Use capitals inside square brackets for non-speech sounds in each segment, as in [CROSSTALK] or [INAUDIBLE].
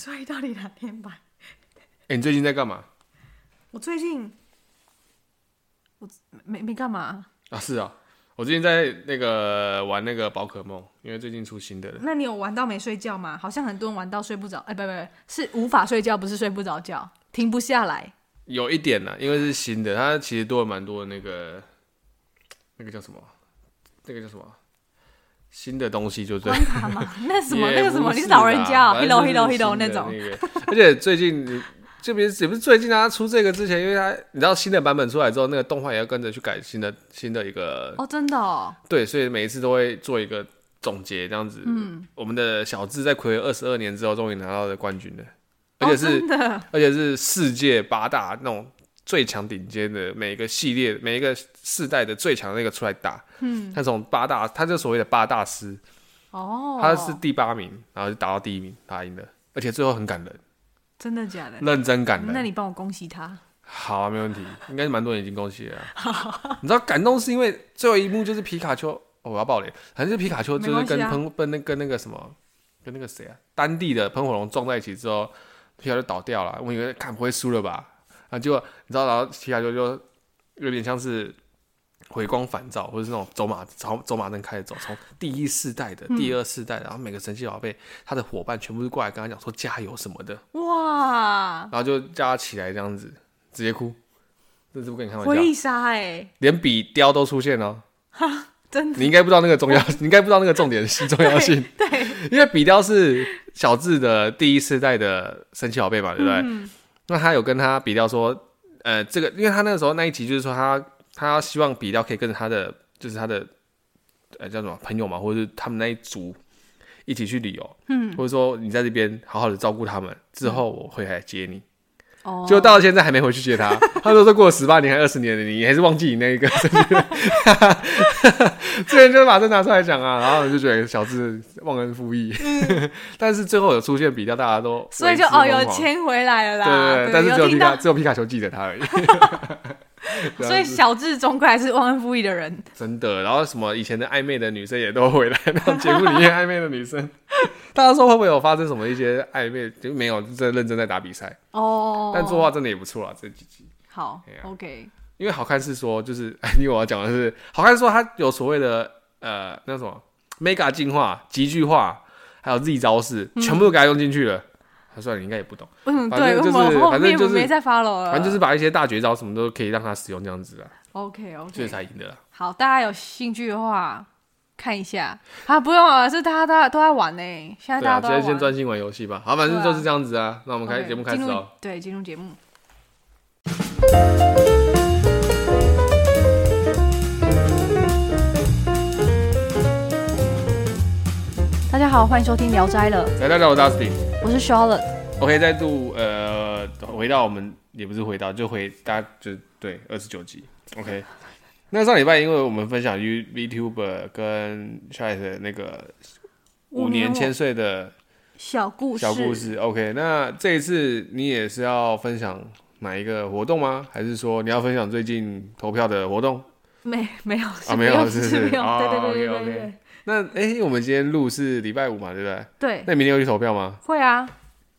所以到底哪天吧？哎、欸，你最近在幹嘛？我最近我沒沒幹嘛啊？啊是啊、哦，我最近在那個玩那個寶可夢，因為最近出新的。那你有玩到沒睡覺嗎？好像很多人玩到睡不着。哎、欸，不，不不，是無法睡覺，不是睡不着覺，停不下來。有一點呢、啊，因為是新的，它其實多了蠻多的那個那個叫什麼？這、那個叫什麼？新的東西就這樣。那什麼，那個什麼， [LAUGHS] 是你是老人家，hello hello hello 那種。而且最近這邊也不是最近他、啊、 [LAUGHS] 出這個之前，因為他，你知道新的版本出來之後，那個動畫也要跟着去改新的新的一個。哦，真的。哦。對，所以每一次都會做一個總結，這樣子。嗯。我們的小智在跨越二十二年之後，終於拿到了冠軍了，而且是而且是世界八大那種。最強頂尖的每一個系列，每一個世代的最強那個出來打，嗯，他從八大，他是所謂的八大師，哦，他是第八名，然後就打到第一名打贏了，而且最後很感人，真的假的？認真感人。那你幫我恭喜他。好、啊，沒問題，應該是蠻多人已經恭喜了、啊， [LAUGHS] 你知道感動是因為最後一幕就是皮卡丘，哦、我要爆雷，反正就是皮卡丘就是跟噴跟那個跟那個什麼，跟那個誰啊，丹帝的噴火龍撞在一起之後，皮卡丘就倒掉了、啊，我以為看不會輸了吧。啊，就你知道，然後其他就就有點像是回光返照，嗯、或者是那種走馬走走馬燈開始走，從第一世代的第二世代的，嗯、然後每個神奇寶貝，他的夥伴全部都過來跟他講說加油什麼的，哇！然後就叫他起來這樣子，直接哭，這是不跟你開玩笑。麗莎、欸，哎，連比雕都出現哦，哈，真的。你應該不知道那個重要，我你應該不知道那個重點的 [LAUGHS] 對重要性，對，對因為比雕是小智的第一世代的神奇寶貝嘛，嗯、對不對？那他有跟他比較說，呃，這個，因為他那個時候那一集就是說他，他他希望比較可以跟着他的，就是他的，呃，叫什麼朋友嘛，或者是他們那一組一起去旅遊，嗯，或者說你在這邊好好的照顧他們，之後我會來接你。Oh. 就到了現在還沒回去接他，他說這過了十八年還二十年的 [LAUGHS] 你還是忘記你那一個是不是，哈哈哈哈哈！這人就是把這拿出來講啊，然後就覺得小志忘恩負義，嗯、 [LAUGHS] 但是最後有出現比較大，大家都所以就哦有錢回來了啦，對，對對，對，但是只有，皮卡，只有皮卡丘記得他而已。 [LAUGHS] [LAUGHS] 所以小智終歸還是忘恩負義的人，真的。然後什麼以前的曖昧的女生也都回來，那種節目裡面曖昧的女生，大家說會不會有發生什麼一些曖昧？就沒有，真認真在打比賽哦。但作畫真的也不錯啊，這幾集。好，OK。因為好看是說，就是因為我要講的是好看，說他有所謂的呃那什麼 Mega 進化、極巨化，還有 Z 招式，全部都給他用進去了。他算、啊、你應該也不懂。就是、嗯，對，我們後面就是沒、沒再發了。反正就是把一些大絕招什麼都可以讓他使用這樣子的。OK OK。這才贏的。好，大家有興趣的話看一下啊，不用啊，是大家都在都在玩呢。現在大家都在。直接、啊、先專心玩遊戲吧。好，反正就是這樣子啊。那我們開節 Okay, 目開始哦。對，進入節目。 [MUSIC] 大家好，歡迎收聽《聊齋》了。來，大家好，我是 Dusty。我是 Charlotte。OK，再度呃，回到我們也不是回到，就回大家就對二十九集。OK，那上禮拜因為我們分享 YouTuber 跟 Shire 的那個五年千歲的小故事。小故事。OK，那這一次你也是要分享哪一個活動嗎？還是說你要分享最近投票的活動？沒沒有，沒有啊，沒有是沒有。對對對對對，okay, okay. 對，對，對那哎、欸，我們今天錄是禮拜五嘛，對不對？對。那明天有去投票嗎？會啊。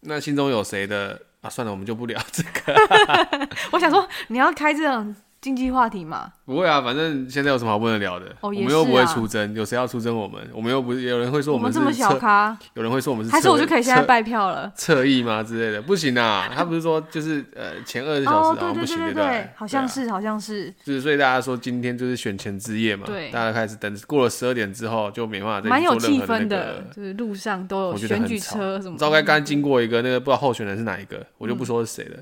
那心中有誰的啊？算了，我們就不聊這個、啊。 [LAUGHS] 我想說，你要開這種。經濟話題嘛，不會啊，反正現在有什麼好不能聊的，我們又不會出征，有誰要出征我們？我們又不，有人會說我們這麼小咖，有人會說我們是。還是我就可以現在拜票了。側翼嘛之類的，不行啊！他不是說就是呃前二十小時，對對對對對，好像是好像是。就是所以大家說今天就是選前之夜嘛，對，大家開始等過了十二點之後就沒辦法再做任何的那個，就是路上都有選舉車什麼，照該剛剛經過一個那個不知道候選人是哪一個，我就不說是誰了。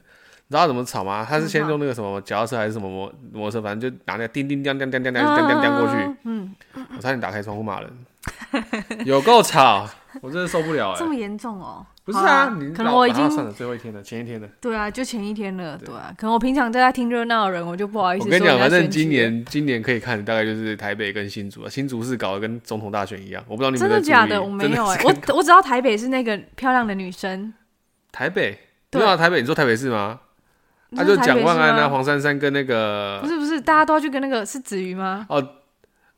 知道怎麼吵嗎？他是先用那個什麼腳踏車還是什麼摩摩托車，反正就拿那個叮叮叮叮叮叮叮叮叮叮過去。嗯。我差點打開窗戶罵人。有夠吵，我真的受不了。這麼嚴重哦。不是啊，可能我已經算了，最後一天了，前一天的。對啊，就前一天了，對啊。可能我平常都在聽熱鬧的人，我就不好意思。我跟你講，反正今年今年可以看，大概就是台北跟新竹啊。新竹是搞得跟總統大選一樣，我不知道你們真的假的，我沒有，我我只知道台北是那個漂亮的女生。台北。對啊，台北，你說台北是嗎？他就蔣萬安啊，黃珊珊跟那個不是不是，大家都要去跟那個是子瑜嗎？哦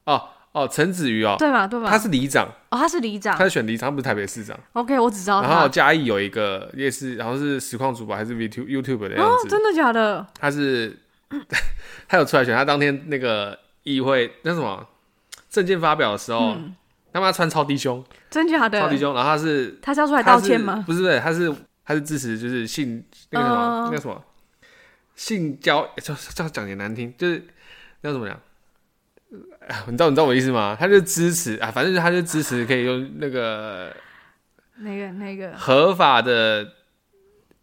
哦哦，陳子瑜哦，對嘛對嘛，他是里長哦，他是里長，他選里長不是台北市長？OK，我只知道。然後嘉義有一個也是，然後是實況主播還是 v t u YouTube 的哦，真的假的？他是他有出來選，他當天那個議會那什麼政見發表的時候，他媽穿超低胸，真的假的？超低胸，然後他是他交出來道歉嗎？不是不是，他是他是支持就是信，那個什麼那個什麼。性交，叫叫，講也難聽，就是你要怎麼講，你知道，你知道我意思嗎？他就支持啊，反正他就支持可以用那個那個那個合法的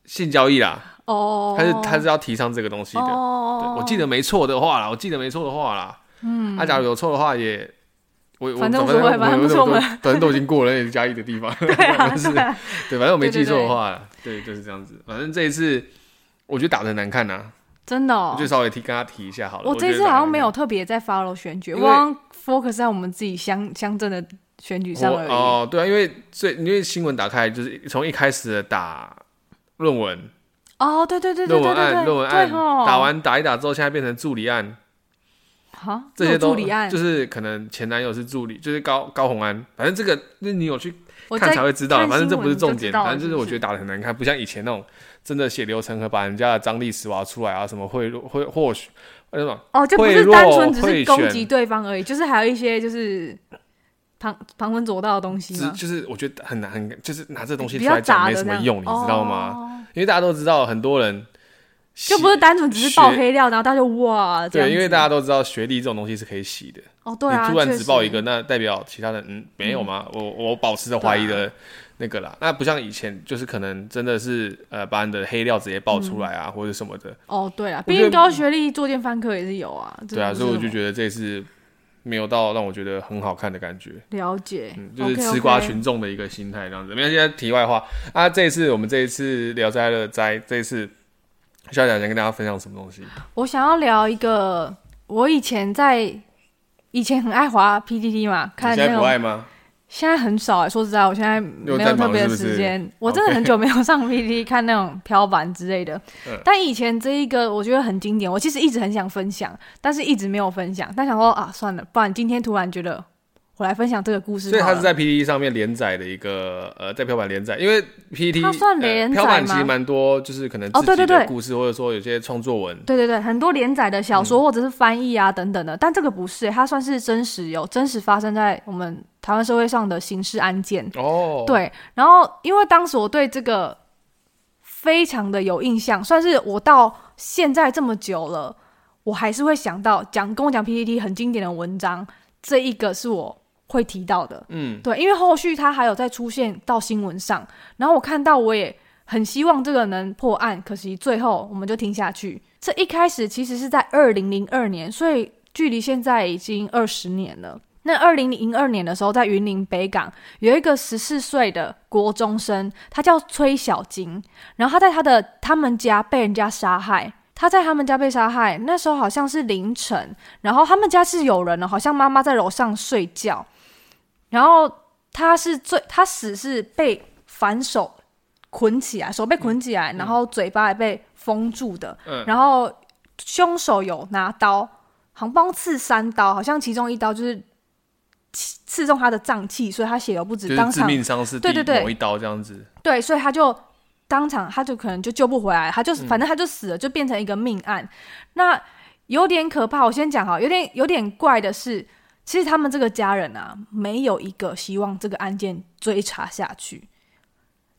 性交易啦。哦、那個，他、那個、是他是要提倡這個東西的。哦、oh.，我記得沒錯的話啦，我記得沒錯的話啦。嗯、oh. 啊，他假如有錯的話也、嗯、我，我反正我不會犯錯的，的反正都已經過了嘉義的地方， [LAUGHS] 對、啊， [LAUGHS] 對，反正我沒記錯的話啦，對，對，對，對，就是這樣子。反正這一次。我覺得打得難看吶、啊，真的，哦，我就稍微提跟他提一下好了。我這次好像沒有特別在 follow 選舉，因為 focus 在我們自己鄉鄉鎮的選舉上面。哦，對啊，因為最因為新聞打開就是從一開始的打論文，哦，對對對對論文案對對對對，對哦，打完打一打之後，現在變成助理案，哈，這些都助理案就是可能前男友是助理，就是高高虹安，反正這個那你有去看才會知道，反正這不是重點，就是，反正就是我覺得打得很難看，不像以前那種。真的血流成河，把人家的張力石挖出來啊，什麼賄賂？會或許那種哦，就不是單純只是攻擊對方而已，就是還有一些就是旁旁門左道的東西。就是我覺得很難，就是拿這東西出來講沒什麼用，你知道嗎？因為大家都知道很多人就不是單純只是爆黑料，然後大家就哇。對，因為大家都知道學歷這種東西是可以洗的哦。對啊，你突然只爆一個，那代表其他人嗯沒有嗎？我我保持着懷疑的。那個啦，那不像以前，就是可能真的是呃，把你的黑料直接爆出來啊，嗯、或者什麼的。哦、oh,，對啊，畢竟高學歷作奸犯科也是有啊。對啊，所以我就覺得這次沒有到讓我覺得很好看的感覺。了解、嗯，就是吃瓜群眾的一個心態這樣子。那 Okay, okay. 現在題外話啊，這次我們這一次聊齋了哉，這一次需要想先跟大家分享什麼東西？我想要聊一個，我以前在以前很愛滑 PTT 嘛，看的你現在不愛嗎？現在很少哎、欸，說實在，我現在沒有特別的時間，是是我真的很久沒有上 PTT 看那種飄版之類的。Okay 但以前這一個我覺得很經典，我其實一直很想分享，但是一直沒有分享。但想說啊，算了，不然今天突然覺得。我來分享這個故事，所以他是在 PTT 上面連載的一個呃，在飄版連載，因為 PTT 它算連載嗎？呃、其實蠻多，就是可能哦，對對對，故事或者說有些創作文，對對對，很多連載的小說或者是翻譯啊等等的，嗯、但這個不是、欸，它算是真實有真實發生在我們台灣社會上的刑事案件哦，對，然後因為當時我對這個非常的有印象，算是我到現在這麼久了，我還是會想到講跟我講 PTT 很經典的文章，這一個是我。會提到的，嗯，對，因為後續他還有再出現到新聞上，然後我看到我也很希望這個能破案，可惜最後我們就聽下去。這一開始其實是在二零零二年，所以距離現在已經二十年了。那二零零二年的時候，在雲林北港有一個十四歲的國中生，他叫崔小金，然後他在他的他們家被人家殺害，他在他們家被殺害，那時候好像是凌晨，然後他們家是有人了，好像媽媽在樓上睡覺。然後他是最他死是被反手捆起來，手被捆起來，嗯、然後嘴巴也被封住的。嗯。然後兇手有拿刀，橫幫刺三刀，好像其中一刀就是刺中他的臟器，所以他血流不止當場。就是致命傷是。對對對。某一刀這樣子。對，所以他就當場，他就可能就救不回來，他就反正他就死了，就變成一個命案。嗯、那有點可怕。我先講哈，有點有點怪的是。其實他們這個家人啊，沒有一個希望這個案件追查下去，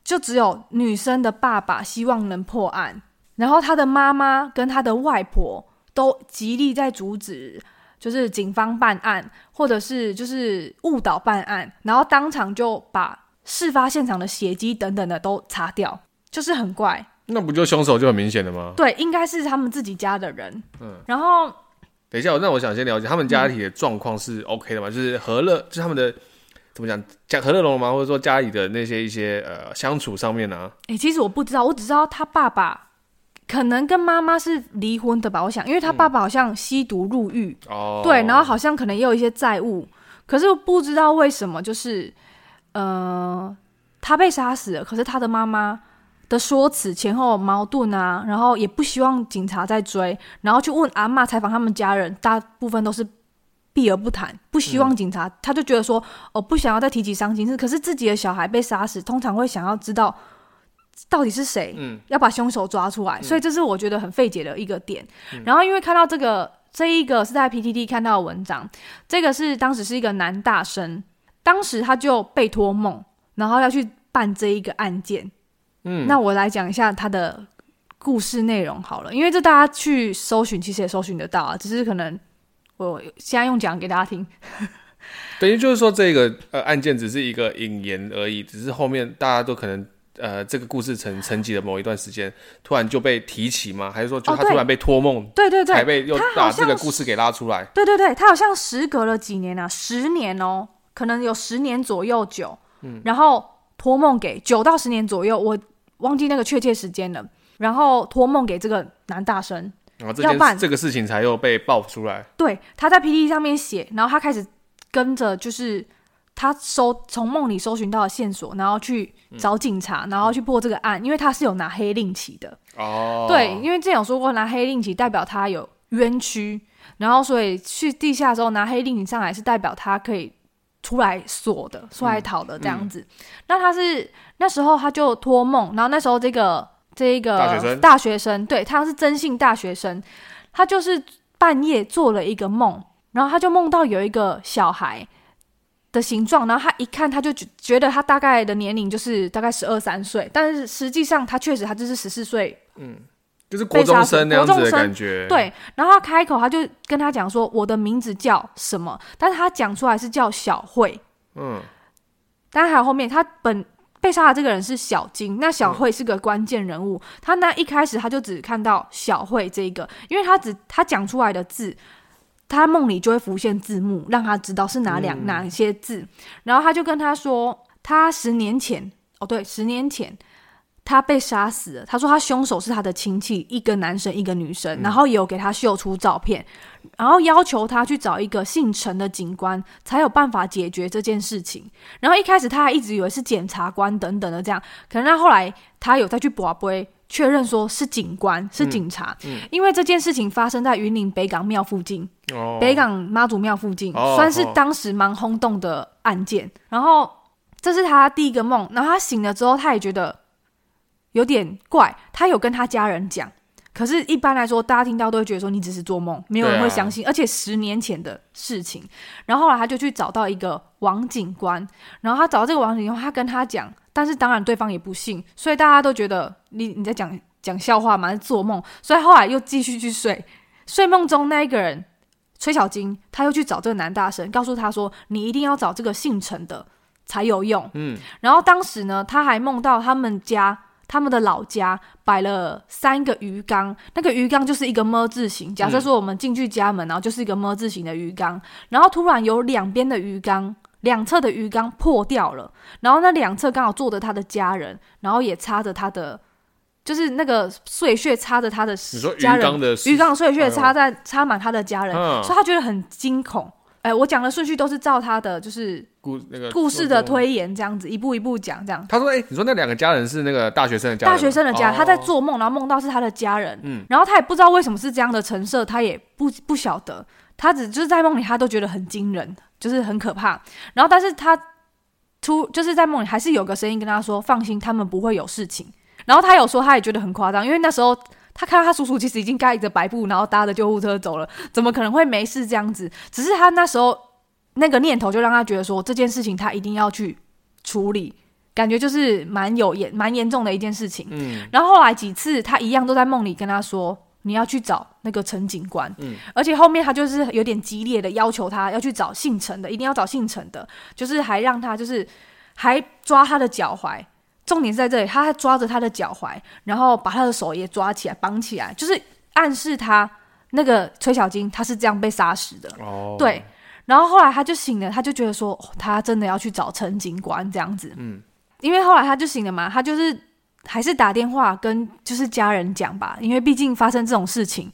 就只有女生的爸爸希望能破案，然後他的媽媽跟他的外婆都極力在阻止，就是警方辦案，或者是就是誤導辦案，然後當場就把事發現場的血跡等等的都擦掉，就是很怪。那不就兇手就很明顯了嗎？對，應該是他們自己家的人。嗯，然後。等一下，我那我想先了解他們家庭的狀況是 OK 的嗎？嗯、就是和樂，就是他們的怎麼講家和樂融融嗎？或者說家裡的那些一些呃相處上面呢、啊？哎、欸，其實我不知道，我只知道他爸爸可能跟媽媽是離婚的吧。我想，因為他爸爸好像吸毒入獄哦，嗯、對，然後好像可能也有一些債務，哦、可是我不知道為什麼，就是呃，他被殺死了，可是他的媽媽。的說辭前後矛盾啊，然後也不希望警察再追，然後去問阿媽採訪他們家人，大部分都是避而不談，不希望警察。嗯、他就覺得說，我、哦、不想要再提起傷心事。可是自己的小孩被殺死，通常會想要知道到底是誰，嗯、要把兇手抓出來。嗯、所以這是我覺得很費解的一個點。嗯、然後因為看到這個，這一個是在 PTT 看到的文章，這個是當時是一個男大生，當時他就被托夢，然後要去辦這一個案件。嗯，那我來講一下他的故事內容好了，因為這大家去搜尋其實也搜尋得到啊，只是可能我現在用講給大家聽。等於、嗯、 [LAUGHS] 就是說，這個呃案件只是一個引言而已，只是後面大家都可能呃這個故事成沉沉寂了某一段時間，突然就被提起嘛？還是說，就他突然被托夢、哦？對對對，才被又把這個故事給拉出來？對，對對對，他好像時隔了幾年啊，十年哦、喔，可能有十年左右久，嗯，然後。托夢給九到十年左右，我忘記那個確切時間了。然後托夢給這個男大生，然後要辦這個事情才又被爆出來。對，他在 PPT 上面寫，然後他開始跟着，就是他搜從夢裡搜尋到的線索，然後去找警察，嗯、然後去破這個案，因為他是有拿黑令旗的。哦，對，因為之前有說過，拿黑令旗代表他有冤屈，然後所以去地下之後拿黑令旗上來，是代表他可以。出來鎖的，出來討的這樣子。嗯嗯、那他是那時候他就托夢，然後那時候這個這個大學，大學生，對，他是真性大學生，他就是半夜做了一個夢，然後他就夢到有一個小孩的形狀，然後他一看，他就覺覺得他大概的年齡就是大概十二三歲，但是實際上他確實他就是十四歲，嗯。就是國中生那樣子的感覺，對。然後他開口，他就跟他講說：“我的名字叫什麼？”但是他講出來是叫小慧，嗯。但是還有後面，他本被殺的這個人是小金，那小慧是個關鍵人物。他那一開始他就只看到小慧這一個，因為他只他講出來的字，他夢裡就會浮現字幕，讓他知道是哪兩哪些字。然後他就跟他說：“他十年前，哦，對，十年前。”他被殺死了。他說，他凶手是他的親戚，一個男生，一個女生，然後有給他秀出照片，然後要求他去找一個姓陳的警官，才有辦法解決這件事情。然後一開始他還一直以為是檢察官等等的這樣，可是後來他有再去拔杯確認，說是警官，是警察。嗯嗯、因為這件事情發生在雲林北港廟附近，oh. 北港媽祖廟附近，oh. 算是當時蠻轟動的案件。Oh. 然後這是他第一個夢，然後他醒了之後，他也覺得。有點怪，他有跟他家人講，可是一般來說，大家聽到都會覺得說你只是做夢，沒有人會相信。啊、而且十年前的事情，然後後來他就去找到一個王警官，然後他找到這個王警官，他跟他講，但是當然對方也不信，所以大家都覺得你你在講講笑話嘛，在做夢，所以後來又繼續去睡。睡夢中那一個人崔小金，他又去找這個男大神，告訴他說你一定要找這個姓陳的才有用。嗯、然後當時呢，他還夢到他們家，他們的老家擺了三個魚缸，那個魚缸就是一個“麼”字形。假設說我們進去家門，嗯、然後就是一個“麼”字形的魚缸，然後突然有兩邊的魚缸、兩側的魚缸破掉了，然後那兩側剛好坐着他的家人，然後也插着他的，就是那個碎屑插着他的家人。你說魚缸的魚缸的碎屑插在插滿他的家人，哎、呦所以他覺得很驚恐。哎、欸，我講的順序都是照他的，就是故那個故事的推演這樣子，夢一步一步講這樣。他說、欸：“你說那兩個家人是那個大學生的家人，大學生的家人，哦、他在做夢，然後夢到是他的家人，嗯，然後他也不知道為什麼是這樣的成色，他也不不曉得，他只就是在夢裡，他都覺得很驚人，就是很可怕。然後，但是他突就是在夢裡，還是有個聲音跟他說，放心，他們不會有事情。然後他有說，他也覺得很誇張，因為那時候。”他看到他叔叔，其實已經蓋着白布，然後搭着救護車走了，怎麼可能會沒事這樣子？只是他那時候那個念頭就讓他覺得說，這件事情他一定要去處理，感覺就是蠻有嚴蠻嚴重的一件事情。嗯，然後後來幾次他一樣都在夢裡跟他說，你要去找那個陳警官，嗯，而且後面他就是有點激烈的要求他要去找姓陳的，一定要找姓陳的，就是還讓他就是還抓他的腳踝。重點在這裡，他還抓着他的腳踝，然後把他的手也抓起來綁起來，就是暗示他那個崔小金他是這樣被殺死的。Oh. 對，然後後來他就醒了，他就覺得說、哦、他真的要去找陳警官這樣子。嗯，因為後來他就醒了嘛，他就是還是打電話跟就是家人講吧，因為畢竟發生這種事情。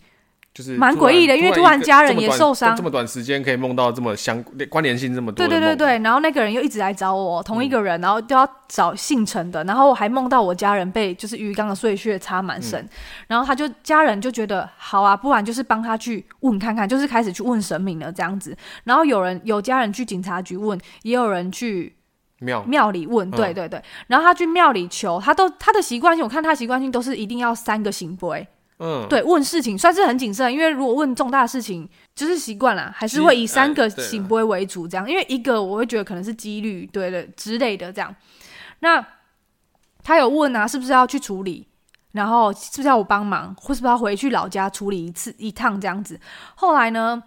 就是蠻詭異的，因為突然家人也受傷，這麼短時間可以夢到這麼相關聯性這麼多。對對對對，然後那個人又一直來找我，同一個人，嗯、然後都要找姓陳的，然後我還夢到我家人被就是魚缸的碎屑擦滿身，嗯、然後他就家人就覺得好啊，不然就是幫他去問看看，就是開始去問神明了這樣子，然後有人有家人去警察局問，也有人去廟裡問，廟對對對，然後他去廟裡求，他都他的習慣性，我看他習慣性都是一定要三個聖杯。嗯，對，問事情算是很謹慎，因為如果問重大事情，就是習慣了，還是會以三個“聖杯”為主，這樣。因為一個，我會覺得可能是幾率，對的之類的這樣。那他有問啊，是不是要去處理，然後是不是要我幫忙，或是不是要回去老家處理一次一趟這樣子。後來呢，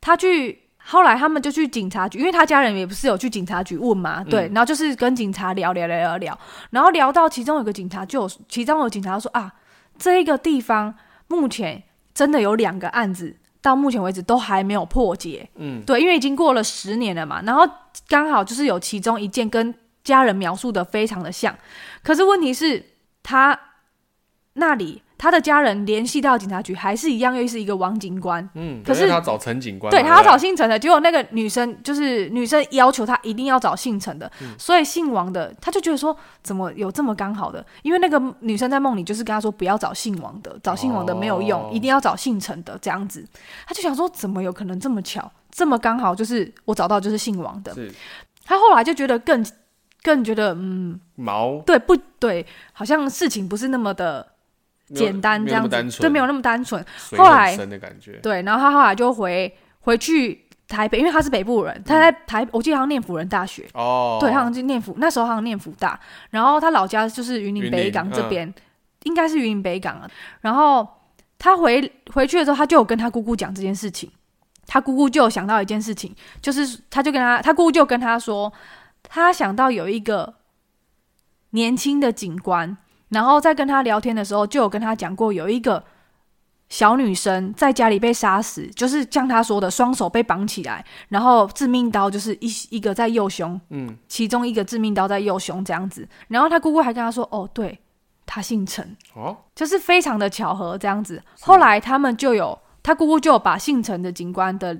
他去，後來他們就去警察局，因為他家人也不是有去警察局問嘛，對。嗯、然後就是跟警察聊聊聊聊聊，然後聊到其中有個警察就有，其中有警察說啊。這一個地方目前真的有兩個案子，到目前為止都還沒有破解。嗯，對，因為已經過了十年了嘛，然後剛好就是有其中一件跟家人描述的非常的像，可是問題是他那裡。他的家人聯繫到警察局，還是一樣，又是一個王警官。嗯，可是他要找陳警官，對，對啊、他要找姓陳的。結果那個女生就是女生要求他一定要找姓陳的，嗯、所以姓王的他就覺得說，怎麼有這麼剛好的？因為那個女生在夢裡就是跟他說，不要找姓王的，找姓王的沒有用，哦、一定要找姓陳的這樣子。他就想說，怎麼有可能這麼巧，這麼剛好？就是我找到就是姓王的。是他後來就覺得更更覺得，嗯，毛對不對？好像事情不是那麼的。簡單這樣子，就沒有那麼單純。水很深的感覺。後來對，然後他後來就回回去台北，因為他是北部人，嗯、他在台，我記得好像念輔仁大學哦，對，他好像就念輔，那時候好像念輔大，然後他老家就是雲林北港這邊，嗯、應該是雲林北港啊。然後他回回去的時候，他就有跟他姑姑講這件事情，他姑姑就有想到一件事情，就是他就跟他，他姑姑就跟他說，他想到有一個年輕的警官。然後在跟他聊天的時候，就有跟他講過有一個小女生在家裡被殺死，就是像他說的，雙手被綁起來，然後致命刀就是一一個在右胸，嗯，其中一個致命刀在右胸這樣子。然後他姑姑還跟他說：“哦，對，他姓陳，哦，就是非常的巧合這樣子。是”後來他們就有他姑姑就有把姓陳的警官的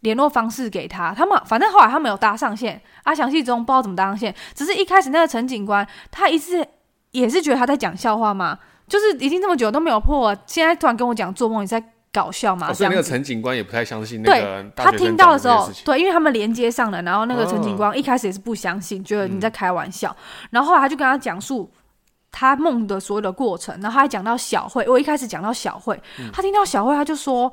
聯絡方式給他。他們反正後來他們有搭上線，啊，詳細中不知道怎麼搭上線，只是一開始那個陳警官他一次。也是覺得他在講笑話嘛，就是已經這麼久都沒有破，現在突然跟我講做夢，你在搞笑嘛、哦？所以那個陳警官也不太相信那個大的那，那人。他聽到的時候，對，因為他們連接上了，然後那個陳警官一開始也是不相信，哦、覺得你在開玩笑，然後後來他就跟他講述他夢的所有的過程，嗯、然後他還講到小慧，我一開始講到小慧，嗯、他聽到小慧，他就說。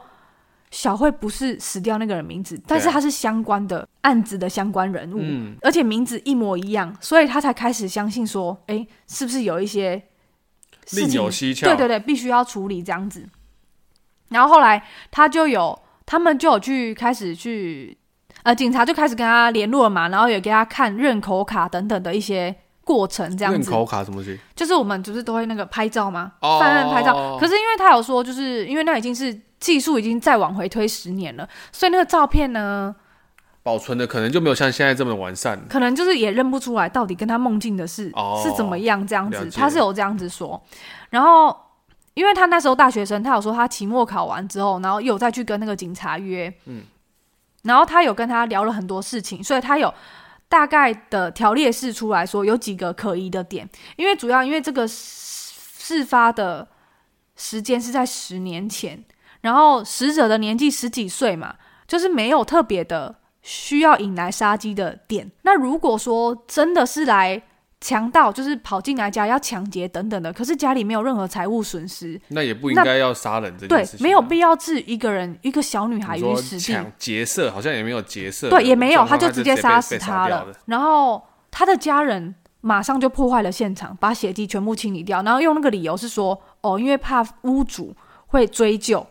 小慧不是死掉那個人名字，但是他是相關的、啊、案子的相關人物，嗯、而且名字一模一樣，所以他才開始相信說，哎、欸，是不是有一些另有蹊蹺？對對對，必須要處理這樣子。然後後來他就有，他們就有去開始去，呃，警察就開始跟他聯絡了嘛，然後也給他看認口卡等等的一些過程，這樣子。認口卡什麼？就是我們就是都會那個拍照嘛？哦、犯案拍照。可是因為他有說，就是因為那已經是。技術已經再往回推十年了，所以那個照片呢，保存的可能就沒有像現在這麼完善，可能就是也認不出來到底跟他夢境的事是怎麼樣這樣子。哦、他是有這樣子說，然後因為他那時候大學生，他有說他期末考完之後，然後又再去跟那個警察約，嗯，然後他有跟他聊了很多事情，所以他有大概的條列式出來說有幾個可疑的點，因為主要因為這個事發的時間是在十年前。然後死者的年紀十幾歲嘛，就是沒有特別的需要引來殺機的點。那如果說真的是來強盜，就是跑進來家要搶劫等等的，可是家裡沒有任何財物損失，那也不應該要殺人這件事情啊。對，沒有必要置一個人一個小女孩於死地。搶劫色好像也沒有劫色，對，也沒有，他就直接殺死他了。然後他的家人馬上就破壞了現場，把血跡全部清理掉，然後用那個理由是說，哦，因為怕屋主會追究。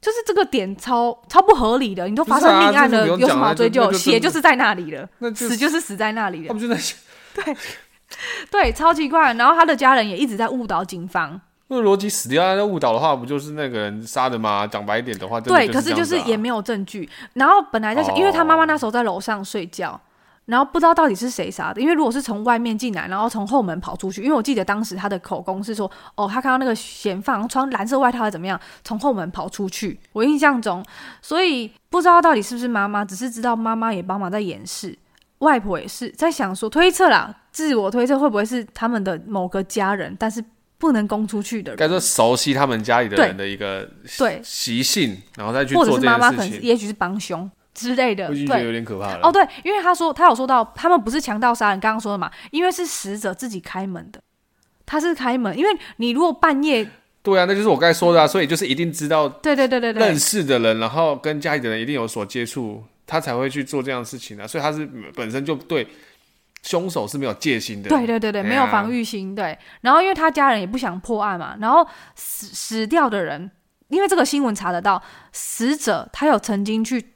就是這個點超超不合理的，你都發生命案了，有什麼好追究？啊、就就就血就是在那裡的，就死就是死在那裡的。對 [LAUGHS] 對，超奇怪。然後他的家人也一直在誤導警方。那邏輯死掉，那誤導的話，不就是那個人殺的嗎？講白一點的話的就、啊，對，可是就是也沒有證據。然後本來在想，哦、因為他媽媽那時候在樓上睡覺。然後不知道到底是誰殺的，因為如果是從外面進來，然後從後門跑出去，因為我記得當時他的口供是說，哦，他看到那個嫌犯穿藍色外套，還怎麼樣從後門跑出去。我印象中，所以不知道到底是不是媽媽，只是知道媽媽也幫忙在掩飾，外婆也是在想說推測啦，自我推測會不會是他們的某個家人，但是不能供出去的人，該說熟悉他們家裡的人的一個習性，然後再去做這個事情，或者是媽媽可能也許是幫凶。之類的，對，有點可怕了。哦，對，因為他說他有說到，他們不是強盜殺人，剛剛說的嘛，因為是死者自己開門的，他是開門，因為你如果半夜，對啊，那就是我剛才說的啊，嗯，所以就是一定知道，對對對對對，認識的人，然後跟家裡的人一定有所接觸，他才會去做這樣的事情啊，所以他是本身就對兇手是沒有戒心的，對對對對，嗯啊，沒有防禦心，對，然後因為他家人也不想破案嘛，然後死死掉的人，因為這個新聞查得到，死者他有曾經去。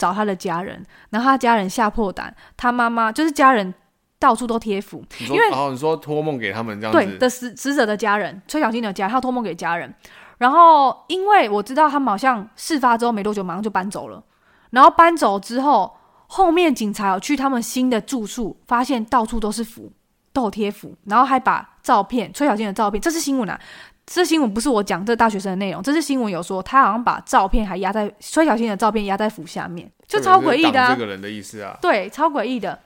找他的家人，然後他家人嚇破膽，他媽媽就是家人到處都貼符，說因為然後、哦、你說托夢給他們這樣子對的死死者的家人崔小金的家人，他托夢給家人，然後因為我知道他們好像事發之後沒多久馬上就搬走了，然後搬走之後後面警察去他們新的住處，發現到處都是符，都有貼符，然後還把照片崔小金的照片，這是新聞啊。這新聞不是我講這大學生的內容，這是新聞有說他好像把照片還壓在衰小新”的照片壓在服下面，就超詭異的啊。是這個人的意思啊？對，超詭異的。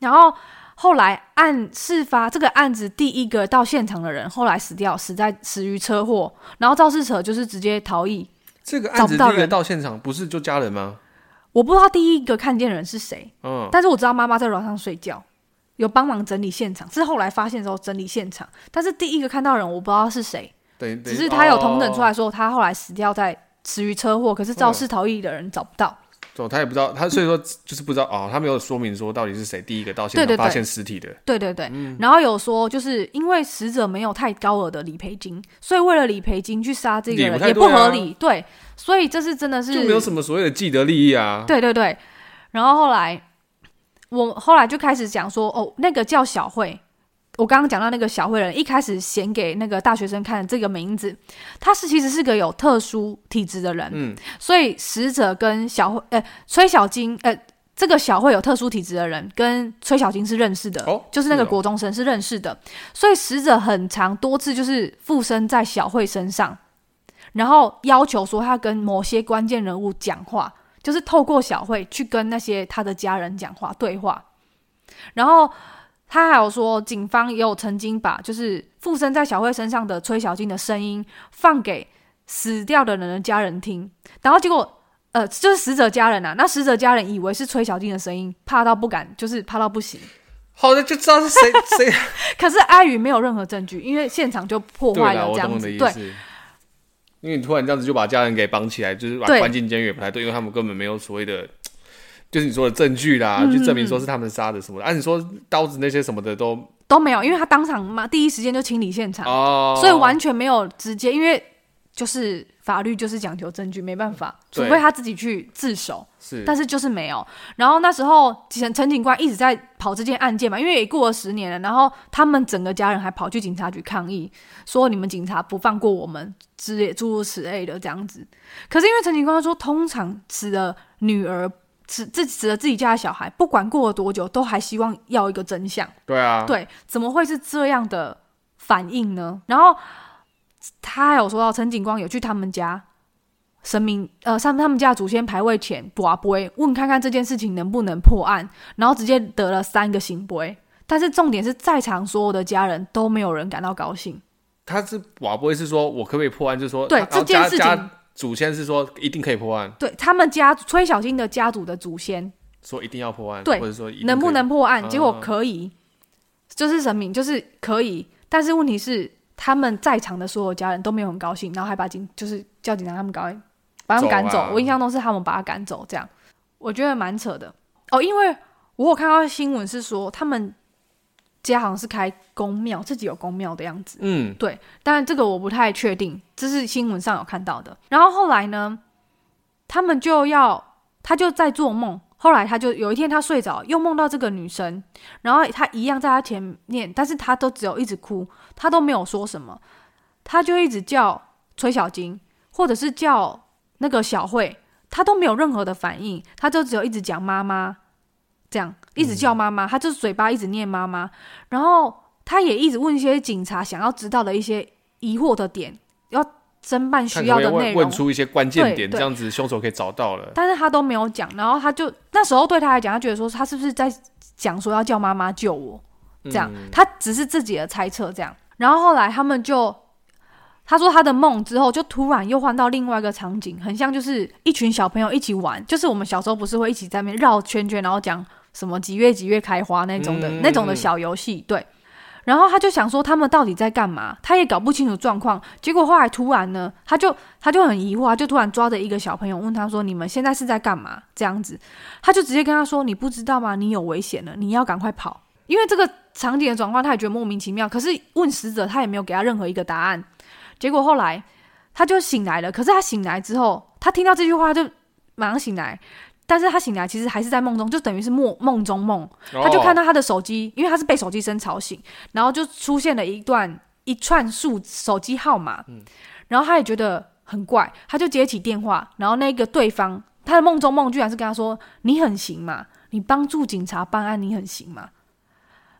然後後來案事發，這個案子第一個到現場的人後來死掉，死在死於車禍。然後肇事者就是直接逃逸。這個案子第一個到現場不是就家人嗎？我不知道第一個看見的人是誰。嗯，但是我知道媽媽在樓上睡覺。有幫忙整理現場，是後來發現的時候整理現場。但是第一個看到人，我不知道是誰。對對。只是他有同等出來說，他後來死掉在死於車禍，哦、可是肇事逃逸的人找不到。哦，他也不知道，他所以說就是不知道、嗯、哦，他沒有說明說到底是誰第一個到現場發現屍體的？對對對。對對對。嗯、然後有說，就是因為死者沒有太高額的理賠金，所以為了理賠金去殺這個人也不合理。理啊、對，所以這是真的是就沒有什麼所謂的既得利益啊。對對對，然後後來。我後來就開始講說，哦，那個叫小慧，我剛剛講到那個小慧的人，一開始寫給那個大學生看，這個名字，他是其實是個有特殊體質的人，嗯，所以死者跟小慧，呃，崔小晶，呃，這個小慧有特殊體質的人跟崔小晶是認識的，就是那個國中生是認識的，所以死者很常多次就是附身在小慧身上，然後要求說他跟某些關鍵人物講話。就是透過小慧去跟那些他的家人講話對話，然後他還有說，警方也有曾經把就是附身在小慧身上的崔小靜的聲音，放給死掉的人的家人聽，然後結果呃就是死者家人啊，那死者家人以為是崔小靜的聲音，怕到不敢，就是怕到不行，好的就知道是誰誰， [LAUGHS] 可是礙於沒有任何證據，因為現場就破壞了這樣子。對，我我對。因為你突然這樣子就把家人給綁起來，就是把關進監獄也不太對，因為他們根本沒有所謂的，就是你說的證據啦，嗯、就證明說是他們殺的什麼的，按、啊、你說刀子那些什麼的都都沒有，因為他當場嘛，第一時間就清理現場，哦、所以完全沒有直接，因為就是法律就是講求證據，沒辦法，除非他自己去自首，是對，但是就是沒有。然後那時候陳陳警官一直在跑這件案件嘛，因為也過了十年了，然後他們整個家人還跑去警察局抗議，說你們警察不放過我們。之類諸如此類的這樣子，可是因為陳警官說，通常死了女兒，死自己死的自己家的小孩，不管過了多久，都還希望要一個真相。對啊，對，怎麼會是這樣的反應呢？然後他有說到，陳警官有去他們家神明，呃，上他們家祖先牌位前卜杯，問看看這件事情能不能破案，然後直接得了三個聖杯，但是重點是在場所有的家人都沒有人感到高興。他是，我不會是說我可不可以破案？就是說，對這件事情，祖先是說一定可以破案。對他們家崔小金的家族的祖先說一定要破案，對，或者說能不能破案？結果可以，嗯、就是神明就是可以。但是問題是，他們在場的所有家人都沒有很高興，然後還把警就是叫警察，他們趕快把他們趕走。走啊、我印象中是他們把他趕走，這樣我覺得蠻扯的哦。因為我有看到新聞是說他們。家好像是開宮廟，自己有宮廟的樣子。嗯，對，但這個我不太確定，這是新聞上有看到的。然後後來呢，他們就要他就在做夢，後來他就有一天他睡着，又夢到這個女生，然後他一樣在他前面，但是他都只有一直哭，他都沒有說什麼，他就一直叫崔小金，或者是叫那個小慧，他都沒有任何的反應，他就只有一直講媽媽。這樣一直叫媽媽，嗯、他就是嘴巴一直念媽媽，然後他也一直問一些警察想要知道的一些疑惑的點，要偵辦需要的內容，也問出一些關鍵點，這樣子兇手可以找到了。但是他都沒有講，然後他就那時候對他來講，他覺得說他是不是在講說要叫媽媽救我，這樣、嗯、他只是自己的猜測，這樣。然後後來他們就他說他的夢之後，就突然又換到另外一個場景，很像就是一群小朋友一起玩，就是我們小時候不是會一起在那邊繞圈圈，然後講。什麼幾月幾月開花那種的嗯、嗯、嗯、那種的小遊戲，對。然後他就想說他們到底在幹嘛，他也搞不清楚狀況。結果後來突然呢，他就他就很疑惑，就突然抓着一個小朋友問他說：“你們現在是在幹嘛？”這樣子，他就直接跟他說：“你不知道嗎？你有危險了，你要趕快跑。”因為這個場景的轉換，他也覺得莫名其妙。可是問死者，他也沒有給他任何一個答案。結果後來他就醒來了，可是他醒來之後，他聽到這句話就馬上醒來。但是他醒來，其實還是在夢中，就等於是夢夢中夢。他就看到他的手機，哦、因為他是被手機聲吵醒，然後就出現了一段一串數手機號碼。嗯，然後他也覺得很怪，他就接起電話，然後那個對方他的夢中夢居然是跟他說：“你很行嘛，你幫助警察辦案，你很行嘛。”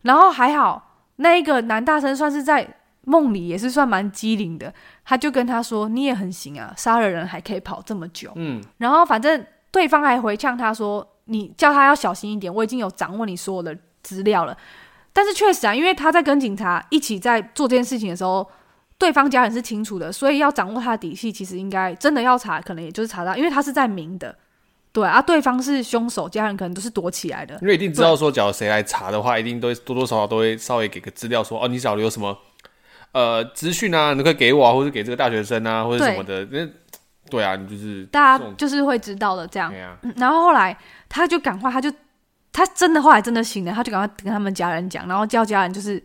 然後還好，那一個男大生算是在夢裡也是算蠻機靈的，他就跟他說：“你也很行啊，殺了人還可以跑這麼久。”嗯，然後反正。對方還回嗆他說：“你叫他要小心一點，我已經有掌握你所有的資料了。”但是確實啊，因為他在跟警察一起在做這件事情的時候，對方家人是清楚的，所以要掌握他的底細，其實應該真的要查，可能也就是查到，因為他是在明的。對啊，對方是兇手，家人可能都是躲起來的，因為一定知道說，假如誰來查的話，對一定都會多多少少都會稍微給個資料說：“哦，你找了有什麼呃資訊啊？你可以給我啊，或者給這個大學生啊，或者什麼的。”對啊，你就是大家就是會知道的這樣。啊嗯、然後後來他就趕快，他就他真的後來真的醒了，他就趕快跟他們家人講，然後叫家人就是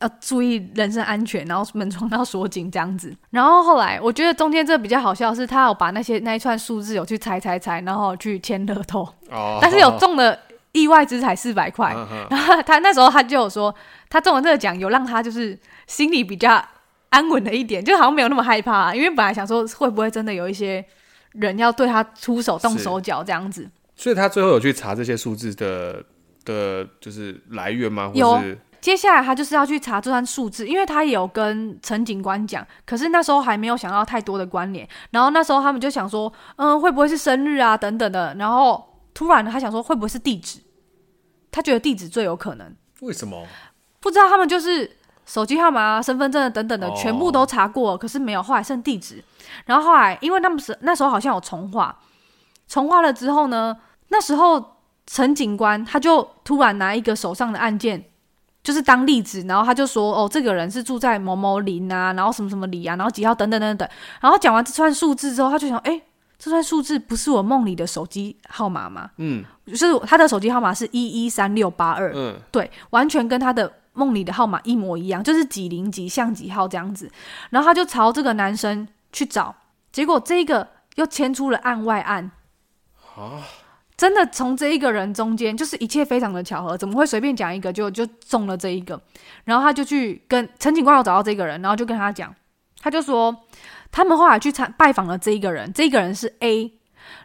要注意人身安全，然後門窗都要鎖緊這樣子。然後後來我覺得中間這個比較好笑的是，他有把那些那一串數字有去猜猜猜，然後去簽樂透，Oh. 但是有中了意外之財四百塊。Uh huh. 然後他那時候他就有說，他中了這個獎有讓他就是心裡比較。安穩了一點，就好像沒有那麼害怕啊，因為本來想說會不會真的有一些人要對他出手動手腳這樣子。所以他最後有去查這些數字的的，就是來源嗎？有。或是接下來他就是要去查這段數字，因為他有跟陳警官講，可是那時候還沒有想到太多的關聯。然後那時候他們就想說，嗯，會不會是生日啊等等的？然後突然他想說，會不會是地址？他覺得地址最有可能。為什麼？不知道他們就是。手機號碼啊、身份證的等等的，oh. 全部都查過，可是沒有。後來剩地址，然後後來因為那麼時那時候好像有重劃，重劃了之後呢，那時候陳警官他就突然拿一個手上的案件，就是當例子，然後他就說：“哦，這個人是住在某某林啊，然後什麼什麼里啊，然後幾號等等等等。”然後講完這串數字之後，他就想：“哎、欸，這串數字不是我夢裡的手機號碼嗎？嗯，就是他的手機號碼是一一三六八二。嗯，對，完全跟他的。”夢裡的號碼一模一樣，就是幾零幾像幾號這樣子，然後他就朝這個男生去找，結果這個又牽出了案外案啊！真的從這一個人中間，就是一切非常的巧合，怎麼會隨便講一個就就中了這一個？然後他就去跟陳警官要找到這個人，然後就跟他講，他就說他們後來去參拜訪了這一個人，這一個人是 A，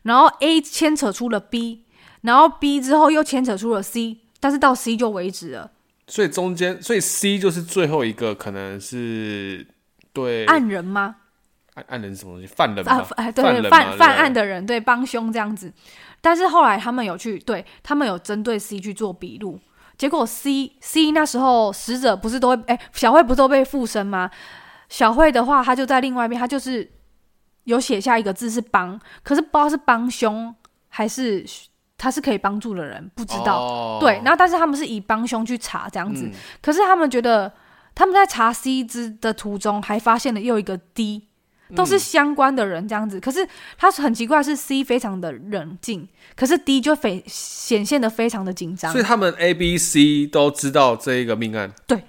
然後 A 牽扯出了 B，然後 B 之後又牽扯出了 C，但是到 C 就為止了。所以中間，所以 C 就是最後一個，可能是對案人嗎？案案人是什麼東西？犯人嗎？啊、對對對犯犯犯案的人，對幫凶這樣子。但是後來他們有去，對他們有針對 C 去做筆錄，結果 C C 那時候死者不是都會哎，小慧不是都被附身嗎？小慧的話，他就在另外一邊，他就是有寫下一個字是幫，可是不知道是幫凶還是。他是可以幫助的人，不知道，oh. 對，然後但是他們是以幫凶去查這樣子，嗯、可是他們覺得他們在查 C 之的途中還發現了又一個 D，都是相關的人這樣子，嗯、可是他很奇怪是 C 非常的冷靜，可是 D 就非顯現的非常的緊張，所以他們 A、B、C 都知道這一個命案，對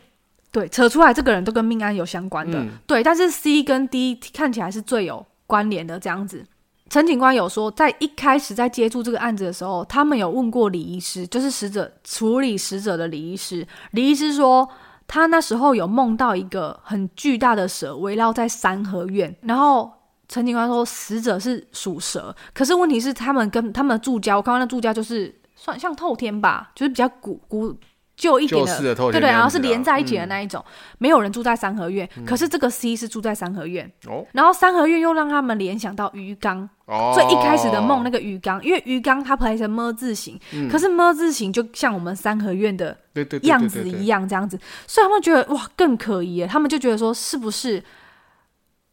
對，扯出來這個人都跟命案有相關的，嗯、對，但是 C 跟 D 看起來是最有關聯的這樣子。陳警官有說，在一開始在接觸這個案子的時候，他們有問過李醫師，就是死者處理死者的李醫師。李醫師說，他那時候有夢到一個很巨大的蛇圍繞在三合院。然後陳警官說，死者是屬蛇。可是問題是，他們跟他們的住家，我看到那住家就是算像透天吧，就是比較古古。就一點的，對對，然後是連在一起的那一種，沒有人住在三合院，可是這個 C 是住在三合院，然後三合院又讓他們聯想到魚缸，所以一開始的夢那個魚缸，因為魚缸它排成麼字形，可是麼字形就像我們三合院的樣子一樣，這樣子，所以他們覺得哇更可疑、欸，他們就覺得說是不是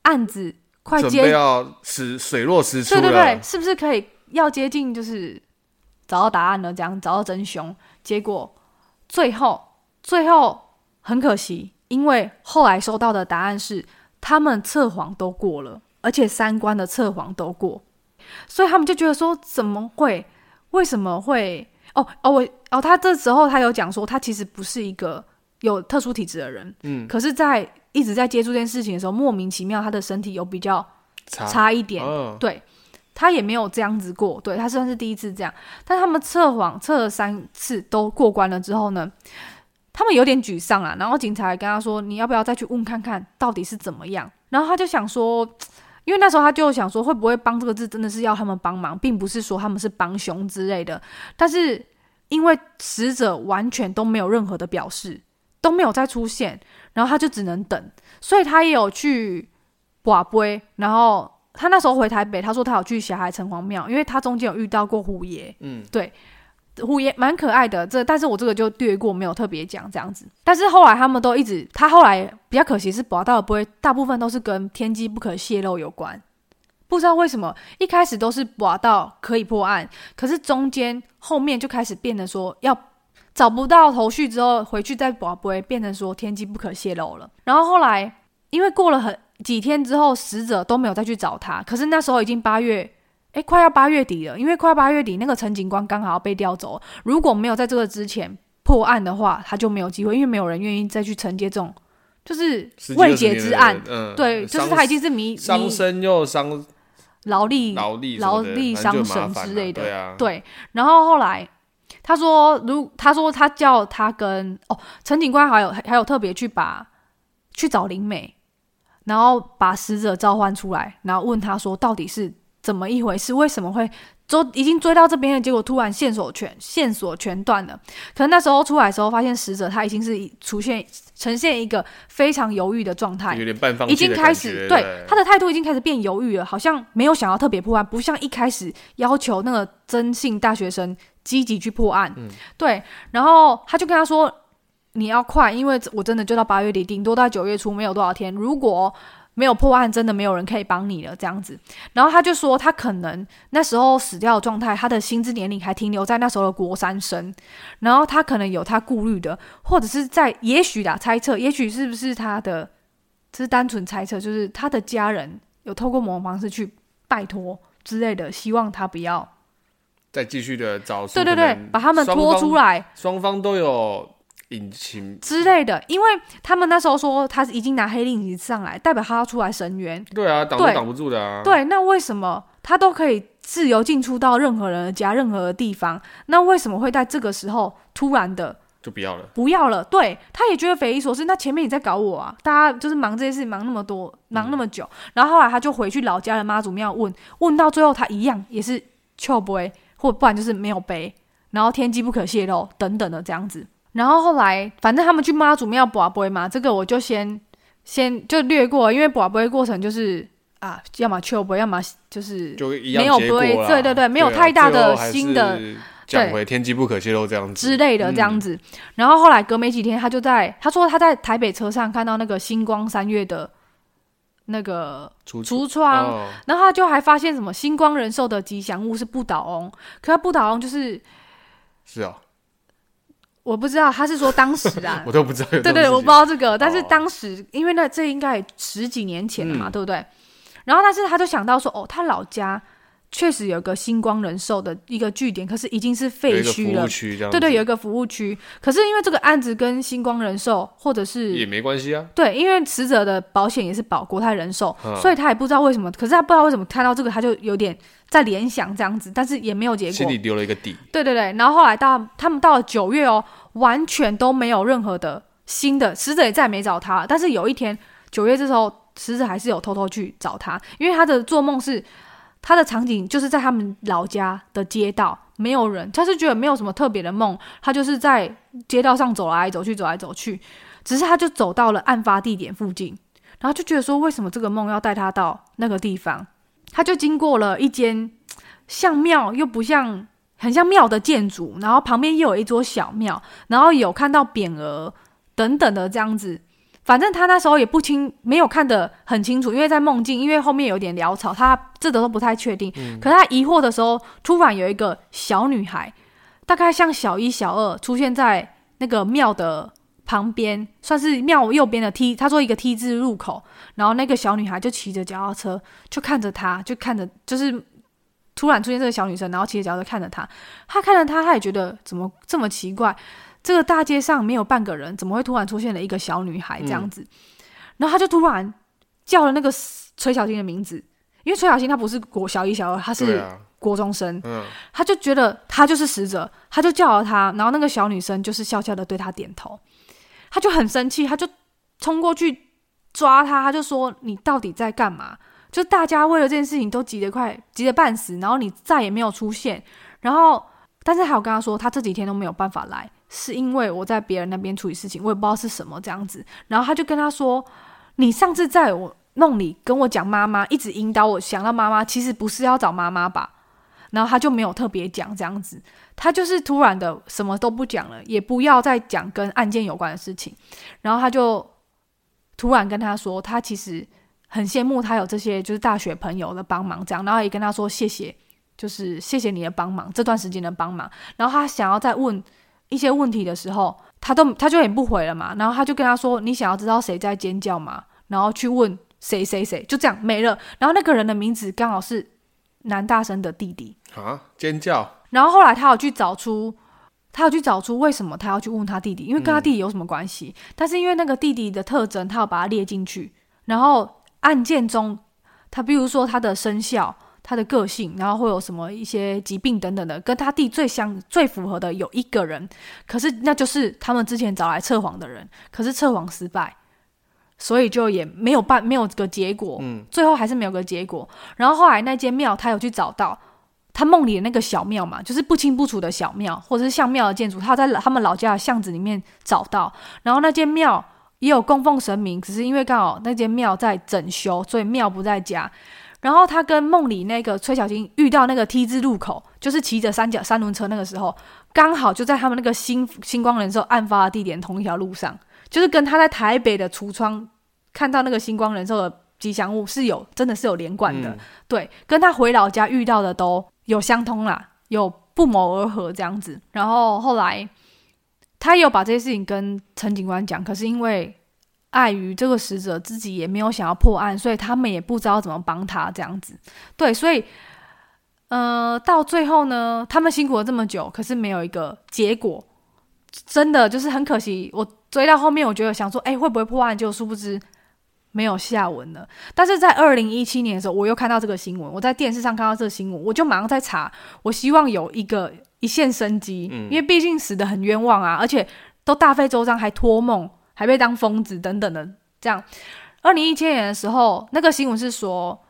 案子快接要使水落石出，對對對，是不是可以要接近就是找到答案了，這樣找到真凶，結果。最後，最後很可惜，因為後來收到的答案是他們測謊都過了，而且三關的測謊都過，所以他們就覺得說怎麼會？為什麼會？哦哦，我哦，他這時候他有講說，他其實不是一個有特殊體質的人，嗯，可是，在一直在接觸這件事情的時候，莫名其妙他的身體有比較差一點，哦、對。他也沒有這樣子過，對，他算是第一次這樣。但他們測謊測了三次都過關了之後呢，他們有點沮喪啊。然後警察跟他說：“你要不要再去問看看到底是怎麼樣？”然後他就想說，因為那時候他就想說，會不會幫這個字真的是要他們幫忙，並不是說他們是幫兇之類的。但是因為死者完全都沒有任何的表示，都沒有再出現，然後他就只能等。所以他也有去跋杯，然後。他那時候回台北，他說他有去霞海城隍廟，因為他中間有遇到過虎爺。嗯，對，虎爺蠻可愛的。這但是我這個就略過，沒有特別講這樣子。但是後來他們都一直，他後來比較可惜的是拔到不會，大部分都是跟天機不可泄露有關。不知道為什麼一開始都是拔到可以破案，可是中間後面就開始變得說要找不到頭緒之後，回去再拔，不會變成說天機不可泄露了。然後後來因為過了很。幾天之後，死者都沒有再去找他，可是那時候已經八月，哎、欸，快要八月底了。因為快八月底，那個陳警官剛好被調走。如果沒有在這個之前破案的話，他就沒有機會，因為沒有人願意再去承接這種就是未解之案。嗯、對，就是他已經是迷傷、嗯、迷身又傷勞力勞力勞力傷神之類的。啊對啊，對。然後後來他說，如他說他叫他跟哦陳警官還有還還有特別去把去找林美，然後把死者召喚出來，然後問他說：“到底是怎麼一回事？為什麼會追？已經追到這邊了，結果突然線索全線索全斷了。可能那時候出來的時候，發現死者他已經是一出現，呈現一個非常猶豫的狀態，有點半放棄的感覺，已經開始對，對他的態度已經開始變猶豫了，好像沒有想要特別破案，不像一開始要求那個曾姓大學生積極去破案。嗯、對，然後他就跟他說。”你要快，因為我真的就到八月底，頂多到九月初，沒有多少天。如果沒有破案，真的沒有人可以幫你了。這樣子，然後他就說，他可能那時候死掉的狀態，他的心智年齡還停留在那時候的國三生。然後他可能有他顧慮的，或者是在，也許啊，猜測，也許是不是他的，只、就是單純猜測，就是他的家人有透過某種方式去拜托之類的，希望他不要再繼續的找，對對對，把他們拖出來，雙方都有。隱情之類的，因為他們那時候說他是已經拿黑令旗上來，代表他要出來伸冤，對啊，擋都擋不住的啊，對。對，那為什麼他都可以自由進出到任何人家、任何的地方？那為什麼會在這個時候突然的，不就不要了？不要了，對他也覺得匪夷所思。那前面你在搞我啊，大家就是忙這些事情，忙那麼多，忙那麼久，嗯、然後後來他就回去老家的媽祖廟問問，問到最後他一樣也是笑杯，或不然就是沒有杯，然後天機不可洩露等等的這樣子。然後後來，反正他們去媽祖廟卜杯嘛，這個我就先先就略過了，因為卜杯的過程就是啊，要麼秋波，要麼就是就一沒有杯，對對對，對沒有太大的新的。講回天機不可泄露這樣子，對這樣子之類的這樣子。嗯、然後後來隔沒幾天，他就在他說他在台北車上看到那個新光三越的那個櫥櫥窗，櫥哦、然後他就還發現什麼新光人壽的吉祥物是不倒翁，可是不倒翁就是是啊、哦。我不知道，他是說當時的，我都不知道。對對，我不知道這個，但是當時因為那這應該十幾年前了嘛，對不對？然後但是他就想到說，哦，他老家確實有個星光人壽的一個據點，可是已經是廢墟了。有個服務區這樣子。對對，有一個服務區，可是因為這個案子跟星光人壽或者是也沒關係啊。對，因為死者的保險也是保國泰人壽，所以他也不知道為什麼。可是他不知道為什麼看到這個，他就有點。在聯想這樣子，但是也沒有結果，心裡留了一個底。對對對，然後後來到他們到了九月哦，完全都沒有任何的新的死者也再也沒找他。但是有一天九月這時候，死者還是有偷偷去找他，因為他的做夢是他的場景就是在他們老家的街道，沒有人，他是覺得沒有什麼特別的夢，他就是在街道上走來走去，走來走去，只是他就走到了案發地點附近，然後就覺得說為什麼這個夢要帶他到那個地方？他就經過了一間像廟又不像、很像廟的建築，然後旁邊又有一座小廟，然後有看到匾額等等的這樣子。反正他那時候也不清，沒有看得很清楚，因為在夢境，因為後面有點潦草，他這個都不太確定。可他疑惑的時候，突然有一個小女孩，大概像小一、小二，出現在那個廟的。旁邊算是廟右邊的梯，他說一個梯字入口，然後那個小女孩就騎着腳踏車，就看着他，就看着，就是突然出現這個小女生，然後騎着腳踏車看着他，他看着他，他也覺得怎麼這麼奇怪，這個大街上沒有半個人，怎麼會突然出現了一個小女孩這樣子？嗯、然後他就突然叫了那個崔小新的名字，因為崔小新她不是國小一、小二，她是國中生，他、啊嗯、就覺得他就是死者，他就叫了他，然後那個小女生就是笑笑的對他點頭。他就很生氣，他就衝過去抓他，他就說：“你到底在幹嘛？”就大家為了這件事情都急得快急得半死，然後你再也沒有出現，然後但是還有跟他說，他這幾天都沒有辦法來，是因為我在別人那邊處理事情，我也不知道是什麼這樣子。然後他就跟他說：“你上次在我夢裡跟我講媽媽，一直引導我想到媽媽，其實不是要找媽媽吧？”然後他就沒有特別講這樣子。他就是突然的什麼都不講了，也不要再講跟案件有關的事情，然後他就突然跟他說，他其實很羨慕他有這些就是大學朋友的幫忙這樣，然後也跟他說謝謝，就是謝謝你的幫忙這段時間的幫忙，然後他想要再問一些問題的時候，他都他就很不回了嘛，然後他就跟他說，你想要知道誰在尖叫嗎？然後去問誰誰誰就這樣沒了，然後那個人的名字剛好是。男大生的弟弟啊，尖叫！然後後來他有去找出，他有去找出為什麼他要去問他弟弟，因為跟他弟弟有什麼關係？嗯、但是因為那個弟弟的特徵，他要把它列進去。然後案件中，他比如說他的生肖、他的個性，然後會有什麼一些疾病等等的，跟他弟最相最符合的有一個人，可是那就是他們之前找來測謊的人，可是測謊失敗。所以就也沒有辦，沒有個結果，嗯，最後還是沒有個結果。然後後來那間廟他有去找到他夢裡的那個小廟嘛，就是不清不楚的小廟，或者是像廟的建築，他在他們老家的巷子裡面找到。然後那間廟也有供奉神明，只是因為剛好那間廟在整修，所以廟不在家。然後他跟夢裡那個崔小金遇到那個 T 字路口，就是騎着三角三輪車那個時候，剛好就在他們那個星星光人壽案發的地點同一條路上，就是跟他在台北的櫥窗。看到那個星光人壽的吉祥物是有，真的是有連貫的，嗯、對，跟他回老家遇到的都有相通啦，有不謀而合這樣子。然後後來他也有把這些事情跟陳警官講，可是因為礙於這個死者自己也沒有想要破案，所以他們也不知道怎麼幫他這樣子。對，所以呃，到最後呢，他們辛苦了這麼久，可是沒有一個結果，真的就是很可惜。我追到後面，我覺得想說，哎、欸，會不會破案？就殊不知。沒有下文了，但是在二零一七年的時候，我又看到這個新聞。我在電視上看到這個新聞，我就馬上在查。我希望有一個一線生機，嗯、因為畢竟死得很冤枉啊，而且都大費周章，還托夢，還被當瘋子等等的這樣。二零一七年的時候，那個新聞是說，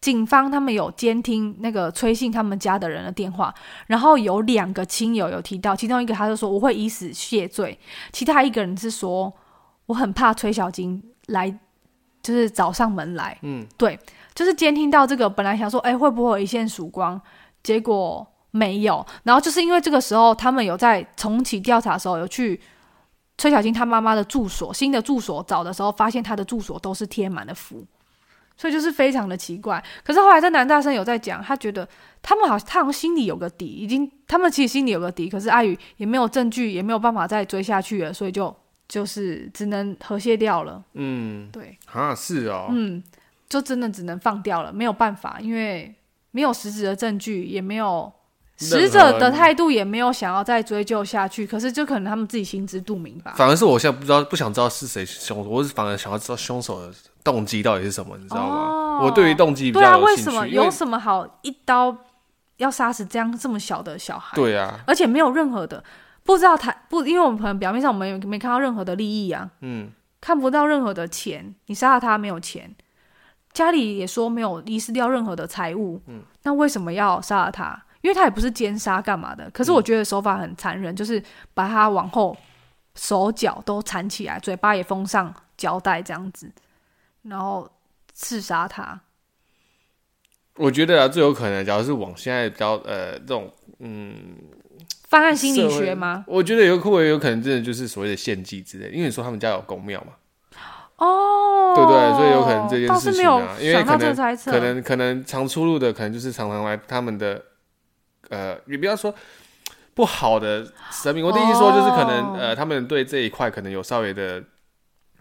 警方他們有監聽那個崔姓他們家的人的電話，然後有兩個親友有提到，其中一個他就說，我會以死謝罪，其他一個人是說，我很怕崔小金來。就是找上門來，嗯，對，就是監聽到這個，本來想說，哎、欸，會不會有一線曙光？結果沒有。然後就是因為這個時候，他們有在重啟調查的時候，有去崔小金他媽媽的住所，新的住所找的時候，發現他的住所都是貼滿了符，所以就是非常的奇怪。可是後來這男大生有在講，他覺得他們好像他好像心裡有個底，已經他們其實心裡有個底，可是礙於也沒有證據，也沒有辦法再追下去了，所以就。就是只能和諧掉了。嗯，對，好像、啊、是哦，嗯，就真的只能放掉了，沒有辦法，因為沒有實質的證據，也沒有死者的態度，也沒有想要再追究下去。可是，就可能他們自己心知肚明吧。反而是我現在不知道，不想知道是誰兇手，我是反而想要知道兇手的動機到底是什麼，你知道嗎？哦、我對於動機比較有興趣對、啊、為什麼？因為有什麼好一刀要殺死這樣這麼小的小孩？對啊，而且沒有任何的。不知道他不，因為我們可能表面上我們沒看到任何的利益啊，嗯，看不到任何的錢，你殺了他沒有錢，家裡也說沒有遺失掉任何的財物，嗯，那為什麼要殺了他？因為他也不是姦殺幹嘛的，可是我覺得手法很殘忍，嗯、就是把他往後手腳都纏起來，嘴巴也封上膠帶這樣子，然後刺殺他。我覺得、啊、最有可能，假如是往現在比較呃這種嗯。犯罪心理學嗎？我，我覺得有，我有可能真的就是所謂的獻祭之類的，因為你說他們家有宮廟嘛，哦，對，對對，所以有可能這件事情啊，沒有因為可能可能可能常出入的，可能就是常常來他們的，呃，你不要說不好的神明。我第一說就是可能、哦、呃，他們對這一塊可能有稍微的。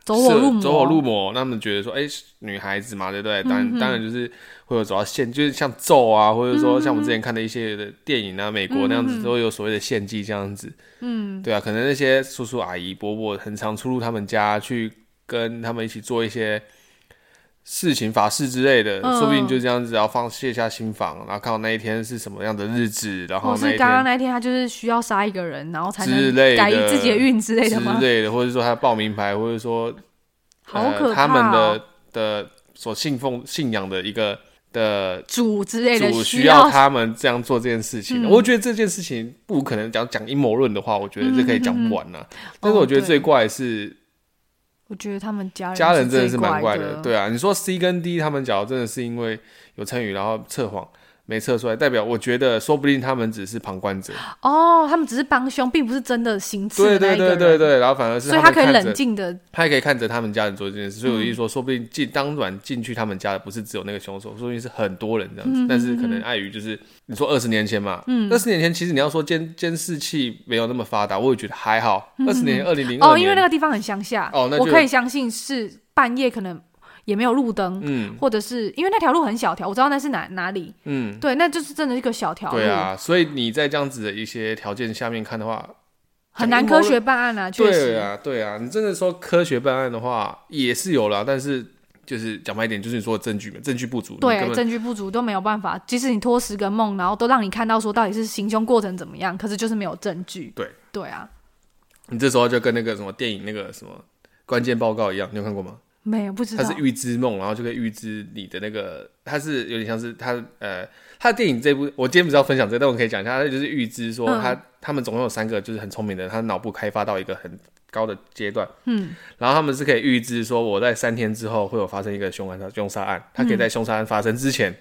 走火走火入魔，入魔那他們覺得說，哎、欸，女孩子嘛，對不對？當然、嗯、哼當然就是會有主要獻，就是像咒啊，或者說像我們之前看的一些的電影啊，嗯、哼美國那樣子、嗯、哼都會有所謂的獻祭這樣子。嗯哼，對啊，可能那些叔叔阿姨伯伯很常出入他們家去跟他們一起做一些。事情、法事之類的，呃、說不定就這樣子，然後放、卸下心防，然後看到那一天是什麼樣的日子，然後是剛剛那一天，剛剛那天他就是需要殺一個人，然後才能改自己的運之類的嗎？之類的，或者說他報名牌，或者說、呃、好可怕、哦、他們的的所信奉、信仰的一個的主之類的，主需要他們這樣做這件事情。嗯、我覺得這件事情不可能，講講陰謀論的話，我覺得這可以講不完的、啊。嗯哼哼哦、但是我覺得最怪的是。我覺得他們家人家人真的是蠻怪的，對啊，你說 C 跟 D 他們講真的是因為有成語，然後測謊。沒測出來，代表我覺得說不定他們只是旁觀者哦，他們只是幫兇，並不是真的行刺的那個人。對對對對對，然後反而是所以他可以冷靜的，他也可以看着他們家人做這件事。嗯、所以我就說，說不定進當晚進去他們家的不是只有那個兇手，嗯、說不定是很多人這樣子。嗯嗯，但是可能礙於就是你說二十年前嘛，嗯，二十年前其實你要說監監視器沒有那麼發達，我也覺得還好。二十年，二零零二年，嗯、哼年哦，因為那個地方很鄉下哦，我可以相信是半夜可能。也沒有路燈，嗯，或者是因為那條路很小條，我知道那是哪哪裡，嗯，對，那就是真的一個小條路，對啊，所以你在這樣子的一些條件下面看的話，很難科學辦案啊，確實，對啊，對啊，你真的說科學辦案的話也是有啦，但是就是講白一點，就是你說的證據，證據不足，對，證據不足都沒有辦法，即使你拖十個夢，然後都讓你看到說到底是行兇過程怎麼樣，可是就是沒有證據，對，對啊，你這時候就跟那個什麼電影那個什麼關鍵報告一樣，你有看過嗎？沒有不知道，它是預知夢，然後就可以預知你的那個，它是有點像是他呃，他的電影這部，我今天不知道分享這個，但我可以講一下，他就是預知說他，他、嗯、他們總共有三個就是很聰明的人，他腦部開發到一個很高的階段，嗯，然後他們是可以預知說，我在三天之後會有發生一個兇案，兇殺案，他可以在兇殺案發生之前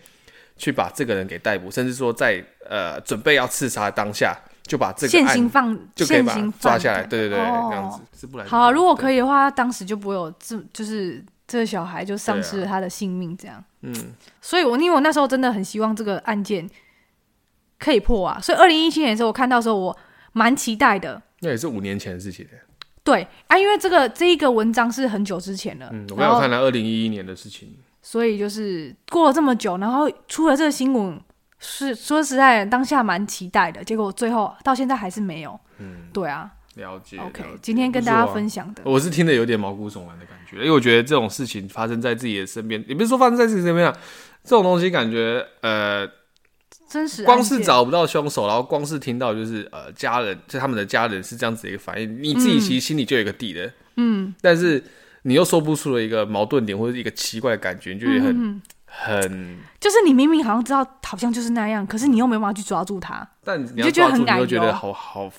去把這個人給逮捕，嗯、甚至說在呃準備要刺殺當下。就把這個現行放，現行抓下來，對對，對對對，哦、這樣子是不然。好、啊，如果可以的話，對他當時就不會有這，就是這個小孩就喪失了他的性命這樣。啊、嗯，所以我因為我那時候真的很希望這個案件可以破啊，所以二零一七年的時候我看到的時候我蠻期待的。那也是五年前的事情。對啊，因為這個這一個文章是很久之前的，嗯，我沒有看到二零一一年的事情。所以就是過了這麼久，然後出了這個新聞。是說實在的，當下蠻期待的，結果最後到現在還是沒有。嗯，對啊了，了解。OK，今天跟大家分享的，啊、我是聽得有點毛骨悚然的感覺，因為我覺得這種事情發生在自己的身邊，也不是說發生在自己身邊，啊，這種東西感覺呃，真實。光是找不到兇手，然後光是聽到就是呃，家人就他們的家人是這樣子的一個反應，你自己其實心裡就有個底的。嗯，但是你又說不出的一個矛盾點或者一個奇怪的感覺，就很。嗯很，就是你明明好像知道，好像就是那樣，可是你又沒有辦法去抓住他，但你就，你就覺得很感，油，覺得好好，好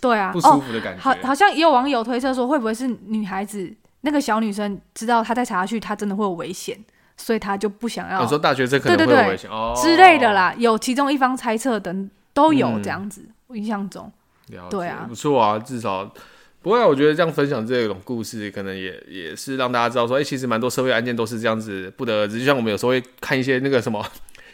對啊，不舒服的感覺。哦、好，好像也有網友推測說，會不會是女孩子那個小女生知道，她再查下去，她真的會有危險，所以她就不想要。你、哦、說大學這可能會有危險、哦、之類的啦，有其中一方猜測等都有這樣子，我、嗯、印象中，了解、對啊，不錯啊，至少。不過、啊，我覺得這樣分享這種故事，可能也也是讓大家知道說，哎、欸，其實蠻多社會案件都是這樣子不得而知。就像我們有時候會看一些那個什麼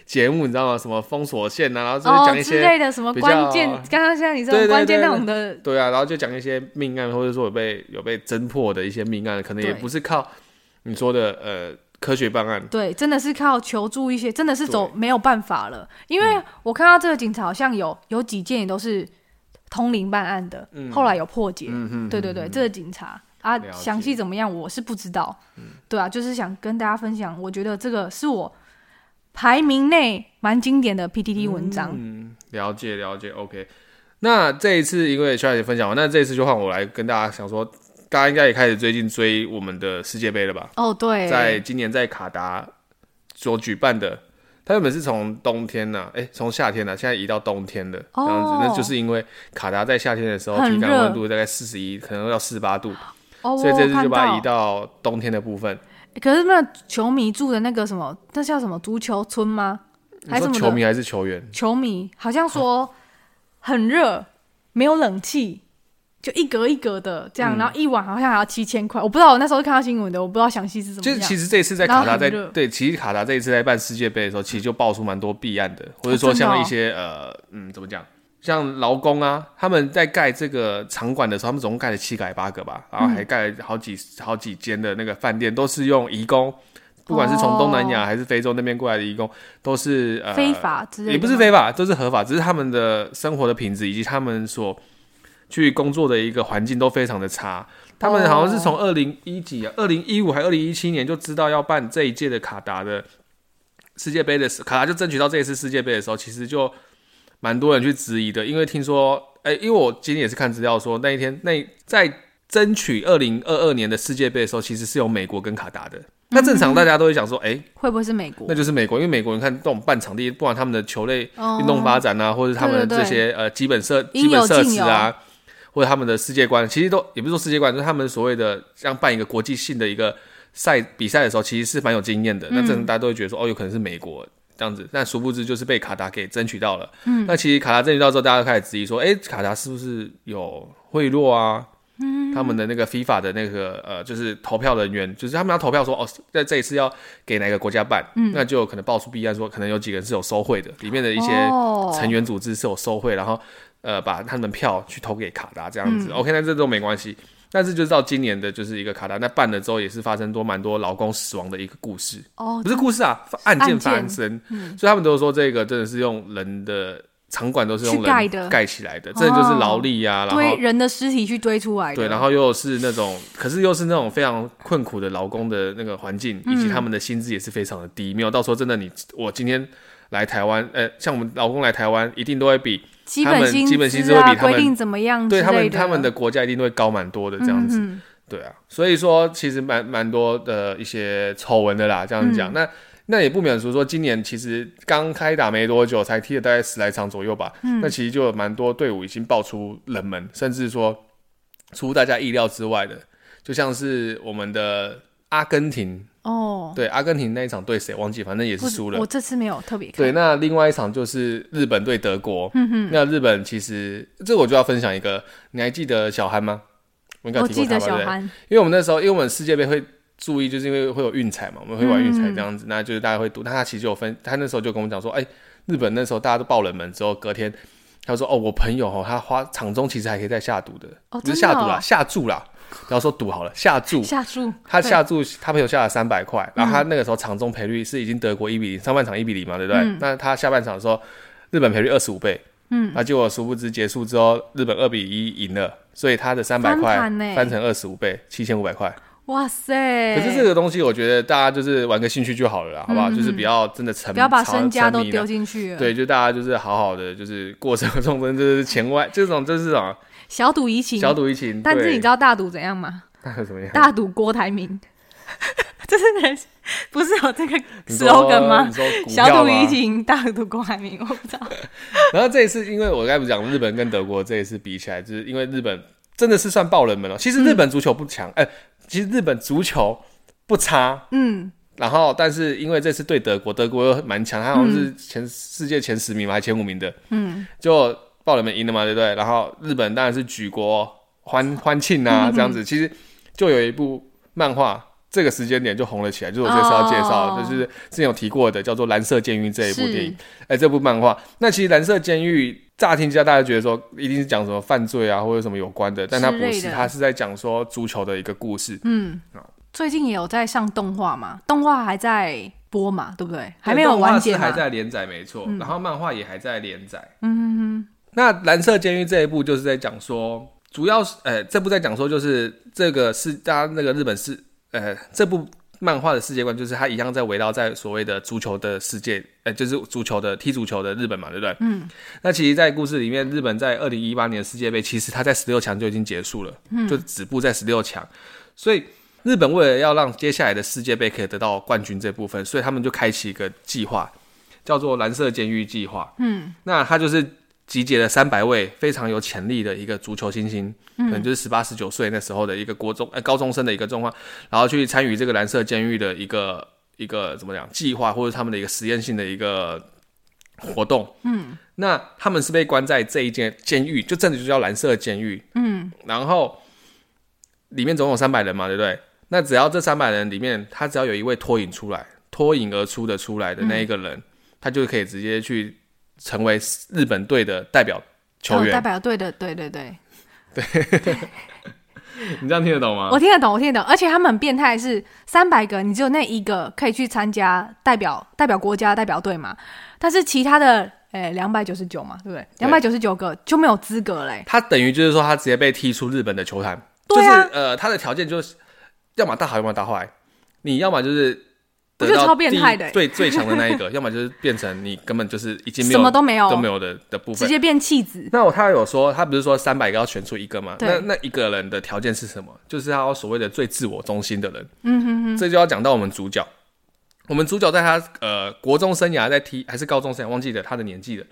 節目，你知道嗎？什麼封鎖線啊，然後就講一些、哦、之類的什麼關鍵，剛剛較像你這種關鍵那種的對對對，對啊，然後就講一些命案，或者說有被有被偵破的一些命案，可能也不是靠你說的對呃科學辦案，對，真的是靠求助一些，真的是走沒有辦法了。對因為我看到這個警察，好像有有幾件也都是。通靈辦案的，嗯、後來有破解。嗯、哼哼哼對對對，嗯、哼哼這個警察啊，詳細解怎麼樣我是不知道。嗯、對啊，就是想跟大家分享，我覺得這個是我排名內蠻經典的 PTT 文章嗯。嗯，了解了解。OK，那這一次因為小姐分享完，那這一次就換我來跟大家想說，大家應該也開始最近追我們的世界杯了吧？哦，對，在今年在卡達所舉辦的。它原本是從冬天呢、啊，哎、欸，從夏天呢、啊，現在移到冬天的這樣子，oh, 那就是因為卡達在夏天的時候體感溫度大概四十一，可能要四十八度，oh, oh, 所以這次就把它移到冬天的部分、欸。可是那球迷住的那個什麼，那叫什麼足球村嗎？你說球迷還是球員？球迷好像說很熱，啊、沒有冷氣。就一格一格的這樣，嗯、然後一晚好像還要七千塊，我不知道我那時候是看到新聞的，我不知道詳細是什麼，就是其實這一次在卡達在對，其實卡達這一次在辦世界盃的時候，嗯、其實就爆出蠻多弊案的，或者說像一些、啊、呃嗯怎麼講，像勞工啊，他們在蓋這個場館的時候，他們總共蓋了七個還八個吧，然後還蓋了好幾、嗯、好幾間的那個飯店，都是用移工，不管是從東南亞還是非洲那邊過來的移工，都是、呃、非法之類的，也不是非法，都是合法，只是他們的生活的品質以及他們所。去工作的一個環境都非常的差，oh. 他們好像是從二零一幾啊，二零一五還是二零一七年就知道要辦這一屆的卡達的世界杯的時，卡達就爭取到這一次世界杯的時候，其實就蠻多人去質疑的，因為聽說，哎、欸，因為我今天也是看資料說那一天那一在爭取二零二二年的世界杯的時候，其實是有美國跟卡達的。那正常大家都會想說，哎、嗯嗯，欸、會不會是美國？那就是美國，因為美國你看這種辦場地，不管他們的球類運動發展啊，oh. 或者他們這些對對對呃基本設基本設施啊。或者他們的世界觀，其實都也不是說世界觀，就是他們所謂的像辦一個國際性的一個賽比賽的時候，其實是蠻有經驗的。嗯、那這能大家都會覺得說，哦，有可能是美國這樣子，但殊不知就是被卡達給爭取到了。嗯，那其實卡達爭取到之後，大家都開始質疑說，哎、欸，卡達是不是有賄賂啊？嗯，他們的那個 FIFA 的那個呃，就是投票人員，就是他們要投票說，哦，在這一次要給哪個國家辦，嗯、那就可能爆出弊案，說可能有幾個人是有收賄的，裡面的一些成員組織是有收賄，哦、然後。呃，把他們票去投給卡達這樣子、嗯、，OK，那這都沒關係。但是就是到今年的，就是一個卡達那辦了之後，也是發生多蠻多勞工死亡的一個故事。哦，不是故事啊，案件發生，嗯、所以他們都說這個真的是用人的場館都是用蓋的蓋起來的，的真的就是勞力呀、啊，哦、然後人的屍體去堆出來的，對，然後又是那種，可是又是那種非常困苦的勞工的那個環境，以及他們的薪資也是非常的低，嗯、沒有到時候真的你我今天來台灣，呃，像我們勞工來台灣一定都會比。基本薪資啊，規定怎麼樣？對，他們他們的國家一定會高蠻多的這樣子，嗯、哼對啊。所以說，其實蠻蠻多的一些醜聞的啦。這樣講，嗯、那那也不免俗說，今年其實剛開打沒多久，才踢了大概十來場左右吧。嗯、那其實就有蠻多隊伍已經爆出冷門，甚至說出乎大家意料之外的，就像是我們的阿根廷。哦，oh, 對，阿根廷那一場對誰忘記，反正也是輸了是。我這次沒有特別看。對，那另外一場就是日本對德國。嗯哼，那日本其實這我就要分享一個，你還記得小憨嗎？我，應該我記得小憨，因為我們那時候因為我們世界盃會注意，就是因為會有運彩嘛，我們會玩運彩這樣子，嗯嗯，那就是大家會賭。但他其實就有分，他那時候就跟我講說，哎、欸，日本那時候大家都爆冷門之後，隔天他說，哦，我朋友哦，他花場中其實還可以再下賭的，哦，oh, 是下賭啦，啊、下注啦。不要說賭好了，下注，下注。他下注，他朋友下了三百塊，然後他那個時候場中賠率是已經德國一比零，上半場一比零嘛，對不對？那他下半場的時候日本賠率二十五倍，嗯，他結果殊不知結束之後日本二比一贏了，所以他的三百塊翻成二十五倍，七千五百塊。哇塞！可是這個東西，我覺得大家就是玩個興趣就好了啦，好不好？就是不要真的沉，不要把身家都丟進去。對，就大家就是好好的，就是過這種，真是錢外這種就是啊。小賭怡情，小賭怡情，但是你知道大賭怎樣嗎？大賭什麼樣？大賭郭台銘。 [LAUGHS] 這是不是有這個 slogan 嗎？你說，你說小賭怡情，大賭郭台銘，我不知道。 [LAUGHS] 然後這一次，因為我剛才不講日本跟德國這一次比起來，就是因為日本真的是算爆冷門了。其實日本足球不強，哎、嗯欸，其實日本足球不差，嗯。然後，但是因為這次對德國，德國又蠻強，他好像是前世界前十名嘛，嗯、還前五名的，嗯，就。爆了，沒贏的嘛，對不對？然後日本當然是舉國歡歡慶啊，這樣子。嗯、哼其實就有一部漫畫，這個時間點就紅了起來，就是我這次要介紹，哦、就是之前有提過的，叫做《藍色監獄》這一部電影。哎是、欸，這部漫畫，那其實《藍色監獄》乍聽之下，大家覺得說一定是講什麼犯罪啊，或者什麼有關的，但它不是，是它是在講說足球的一個故事。嗯，嗯最近也有在上動畫嘛，動畫還在播嘛，對不對？對還沒有完結，還在連載，沒錯、嗯。然後漫畫也還在連載。嗯哼哼。那《藍色監獄》這一部就是在講說，主要是，呃，這部在講說就是這個是大家、啊、那個日本是，呃，這部漫畫的世界觀就是它一樣在圍繞在所謂的足球的世界，呃，就是足球的踢足球的日本嘛，對不對？嗯。那其實，在故事裡面，日本在二零一八年的世界杯，其實它在十六強就已經結束了，嗯、就止步在十六強。所以，日本為了要讓接下來的世界杯可以得到冠軍這部分，所以他們就開啟一個計劃，叫做《藍色監獄計劃》。嗯。那它就是。集結了三百位非常有潛力的一個足球新星，星，嗯、可能就是十八、十九歲那時候的一個國中、呃高中生，的一個狀況，然後去參與這個藍色監獄的一個一個怎麼講計劃，或者他們的一個實驗性的一個活動。嗯，那他們是被關在這一間監獄，就真的就叫藍色監獄。嗯，然後裡面總有三百人嘛，對不對？那只要這三百人裡面，他只要有一位脫穎而出來、脫穎而出的出來的那一個人，嗯、他就可以直接去。成為日本隊的代表球員，呃、代表隊的，對對對，對， [LAUGHS] 你這樣聽得懂嗎？我聽得懂，我聽得懂。而且他們很變態是三百個，你只有那一個可以去參加代表代表國家代表隊嘛？但是其他的，哎、欸，兩百九十九嘛，對不對？兩百九十九個就沒有資格嘞。他等於就是說，他直接被踢出日本的球壇。對啊，就是，呃，他的條件就是要麼大好，要麼大壞，你要麼就是。就是超變態的，最最強的那一個， [LAUGHS] 要麼就是變成你根本就是已經什麼都沒有都沒有的的部分，直接變棄子。那我他有說，他不是說三百個要選出一個嗎？對那那一個人的條件是什麼？就是他要所謂的最自我中心的人。嗯哼哼，這就要講到我們主角，我們主角在他呃國中生涯在踢還是高中生涯，忘記了他的年紀了，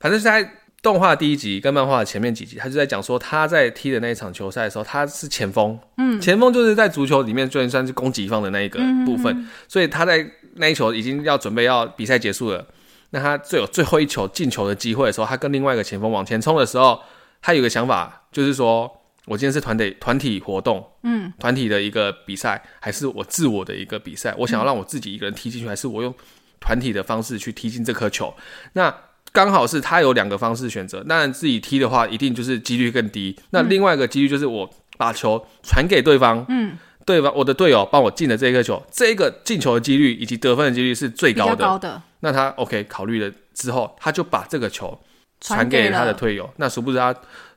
反正是在。動畫第一集跟漫畫前面幾集，他就在講說，他在踢的那一場球賽的時候，他是前鋒。嗯，前鋒就是在足球裡面就算是攻擊方的那一個部分。嗯嗯嗯，所以他在那一球已經要準備要比賽結束了，那他最有最後一球進球的機會的時候，他跟另外一個前鋒往前衝的時候，他有個想法，就是說，我今天是團隊團體活動，嗯，團體的一個比賽，還是我自我的一個比賽？嗯、我想要讓我自己一個人踢進去，還是我用團體的方式去踢進這顆球？那？剛好是他有兩個方式選擇，那自己踢的話，一定就是幾率更低。嗯、那另外一個幾率就是我把球傳給對方，嗯，對方我的隊友幫我進了這一個球，這個進球的幾率以及得分的幾率是最高的。高的。那他 OK 考慮了之後，他就把這個球傳給他的隊友。那殊不知他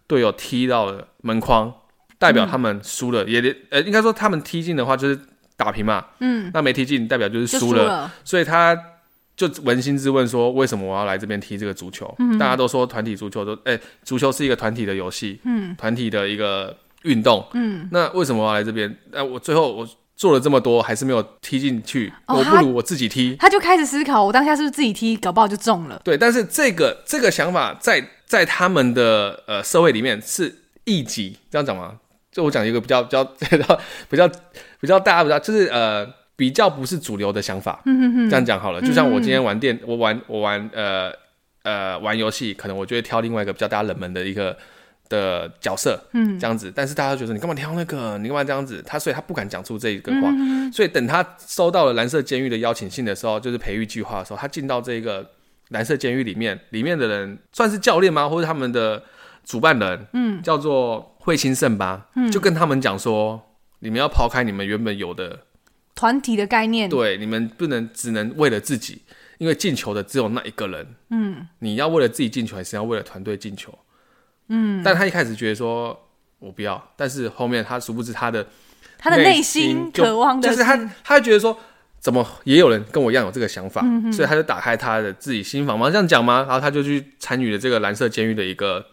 隊友踢到了門框，代表他們輸了，嗯、也呃應該說他們踢進的話就是打平嘛，嗯，那沒踢進代表就是輸了，了。所以他。就捫心自問說，為什麼我要來這邊踢這個足球？嗯、哼哼大家都說團體足球都，哎、欸，足球是一個團體的遊戲，嗯，團體的一個運動，嗯。那為什麼我要來這邊？那、啊、我最後我做了這麼多，還是沒有踢進去，哦、我不如我自己踢。哦、他，他就開始思考，我當下是不是自己踢，搞不好就中了。對，但是這個這個想法在在他們的呃社會裡面是異己，這樣講嗎？就我講一個比較比較比較比較比較大比較就是呃。比較不是主流的想法，嗯嗯，這樣講好了。就像我今天玩電，嗯、哼哼我玩我玩呃呃玩遊戲，可能我就會挑另外一個比較大、冷門的一個的角色，嗯哼，這樣子。但是大家覺得你幹嘛挑那個？你幹嘛這樣子？他所以他不敢講出這一個話。嗯、哼所以等他收到了藍色監獄的邀請信的時候，就是培育計劃的時候，他進到這個藍色監獄裡面，裡面的人算是教練嗎？或者他們的主辦人？嗯，叫做惠清盛吧，嗯、就跟他們講說，你們要拋開你們原本有的。團體的概念，對，你們不能只能為了自己，因為進球的只有那一個人。嗯，你要為了自己進球，還是要為了團隊進球？嗯，但他一開始覺得說，我不要，但是後面他殊不知他的他的內心渴望的，的就是他，他覺得說，怎麼也有人跟我一樣有這個想法，嗯、哼所以他就打開他的自己心房嘛？這樣講嗎？然後他就去參與了這個藍色監獄的一個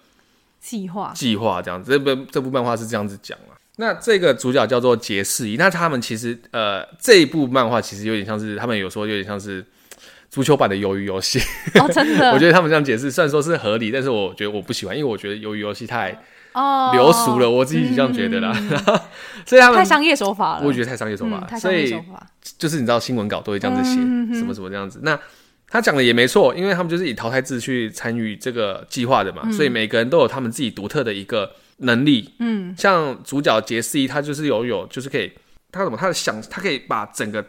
計劃，計劃這樣子。畫這部這部漫畫是這樣子講了。那這個主角叫做潔世一，那他們其實呃這一部漫畫其實有點像是他們有說有點像是足球版的魷魚遊戲、哦，真的， [LAUGHS] 我覺得他們這樣解釋雖然說是合理，但是我覺得我不喜歡，因為我覺得魷魚遊戲太哦流俗了，哦，我自己就這樣覺得啦。哈哈，所以他們，太商業手法了，我也覺得太商業手法了。所以就是你知道新聞稿都會這樣子寫，嗯、什麼什麼這樣子。那他講的也沒錯，因為他們就是以淘汰制去參與這個計劃的嘛，嗯、所以每個人都有他們自己獨特的一個。能力，嗯，像主角潔世一，他就是有有，就是可以，他怎麼，他的想，他可以把整個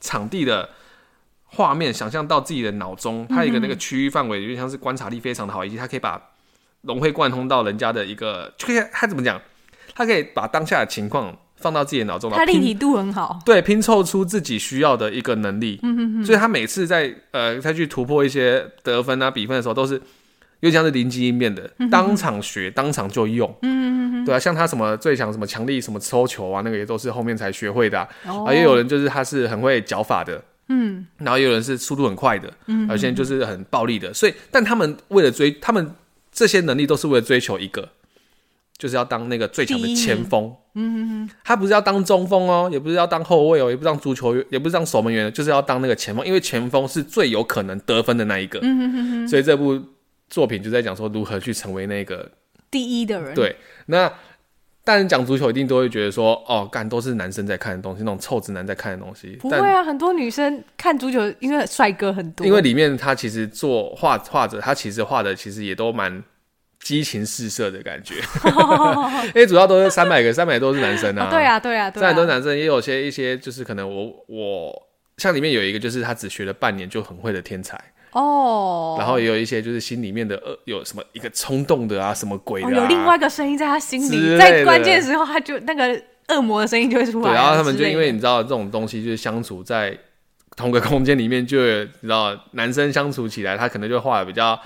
場地的畫面想象到自己的腦中，嗯、哼他有一個那個區域範圍，就像是觀察力非常的好，以及他可以把融會貫通到人家的一個，就可以他怎麼講，他可以把當下的情況放到自己的腦中，然後他立體度很好，對，拼湊出自己需要的一個能力，嗯哼哼所以他每次在呃，他去突破一些得分啊、比分的時候，都是。又像是靈機一變的，嗯、哼哼當場學，當場就用。嗯哼哼對啊，像他什麼最強什麼強力什麼抽球啊，那個也都是後面才學會的、啊。哦。啊，也有人就是他是很會腳法的。嗯。然後也有人是速度很快的。嗯哼哼。而且就是很暴力的，所以但他們為了追，他們這些能力都是為了追求一個，就是要當那個最強的前鋒。嗯嗯他不是要當中鋒哦、喔，也不是要當後衛哦、喔，也不是當足球員，也不是當守門員，就是要當那個前鋒，因為前鋒是最有可能得分的那一個。嗯嗯。所以這部。作品就在講說如何去成為那個第一的人。對，那但講足球一定都會覺得說，哦，幹都是男生在看的東西，那種臭直男在看的東西。不會啊，但很多女生看足球，因為帥哥很多。因為裡面他其實做畫畫者，他其實畫的其實也都蠻激情四射的感覺。Oh、 [LAUGHS] 因為主要都是三百個，三百多都是男生啊、oh, 啊。對啊，對啊，三百多男生，啊啊、也有些一些就是可能我我像裡面有一個，就是他只學了半年就很會的天才。哦，oh. 然後也有一些就是心裡面的惡，有什麼一個衝動的啊，什麼鬼的、啊，oh, 有另外一個聲音在他心裡，的在關鍵時候他就那個惡魔的聲音就會出來。對，然後他們就因為你知道這種東西就是相處在同個空間裡面就，就你知道男生相處起來，他可能就畫的比較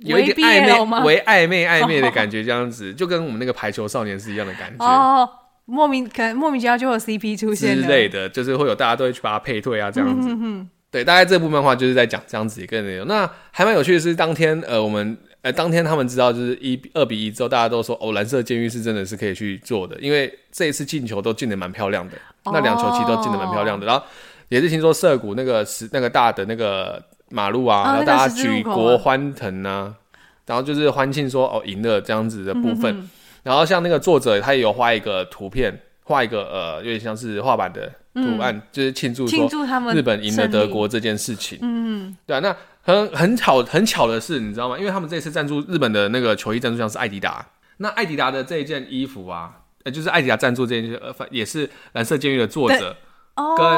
有一點曖昧，微曖昧曖昧的感覺，這樣子、oh. 就跟我們那個排球少年是一樣的感覺。哦，oh. oh. 莫名可能莫名其妙就有 CP 出現之類的，就是會有大家都會去把它配對啊，這樣子。 [LAUGHS] 對，大概這部漫畫就是在講這樣子一個內容。那還蠻有趣的是，當天呃，我們呃，當天他們知道就是一比二比一之後，大家都說哦，藍色監獄是真的是可以去做的，因為這一次進球都進得蠻漂亮的，那兩球其實都進得蠻漂亮的。哦、然後也是聽說澀谷那個是那個大的那個馬路啊，哦、然後大家舉國歡騰啊，哦那個、然後就是歡慶說哦贏了這樣子的部分。嗯、哼哼然後像那個作者他也有畫一個圖片，畫一個呃，有點像是畫板的。圖案就是慶祝說日本贏了德國這件事情。嗯，嗯對啊，那很很巧很巧的是，你知道嗎？因為他們這次贊助日本的那個球衣贊助商是艾迪達。那艾迪達的這一件衣服啊，呃，就是艾迪達贊助這件衣服，呃，反也是《藍色監獄》的作者，對跟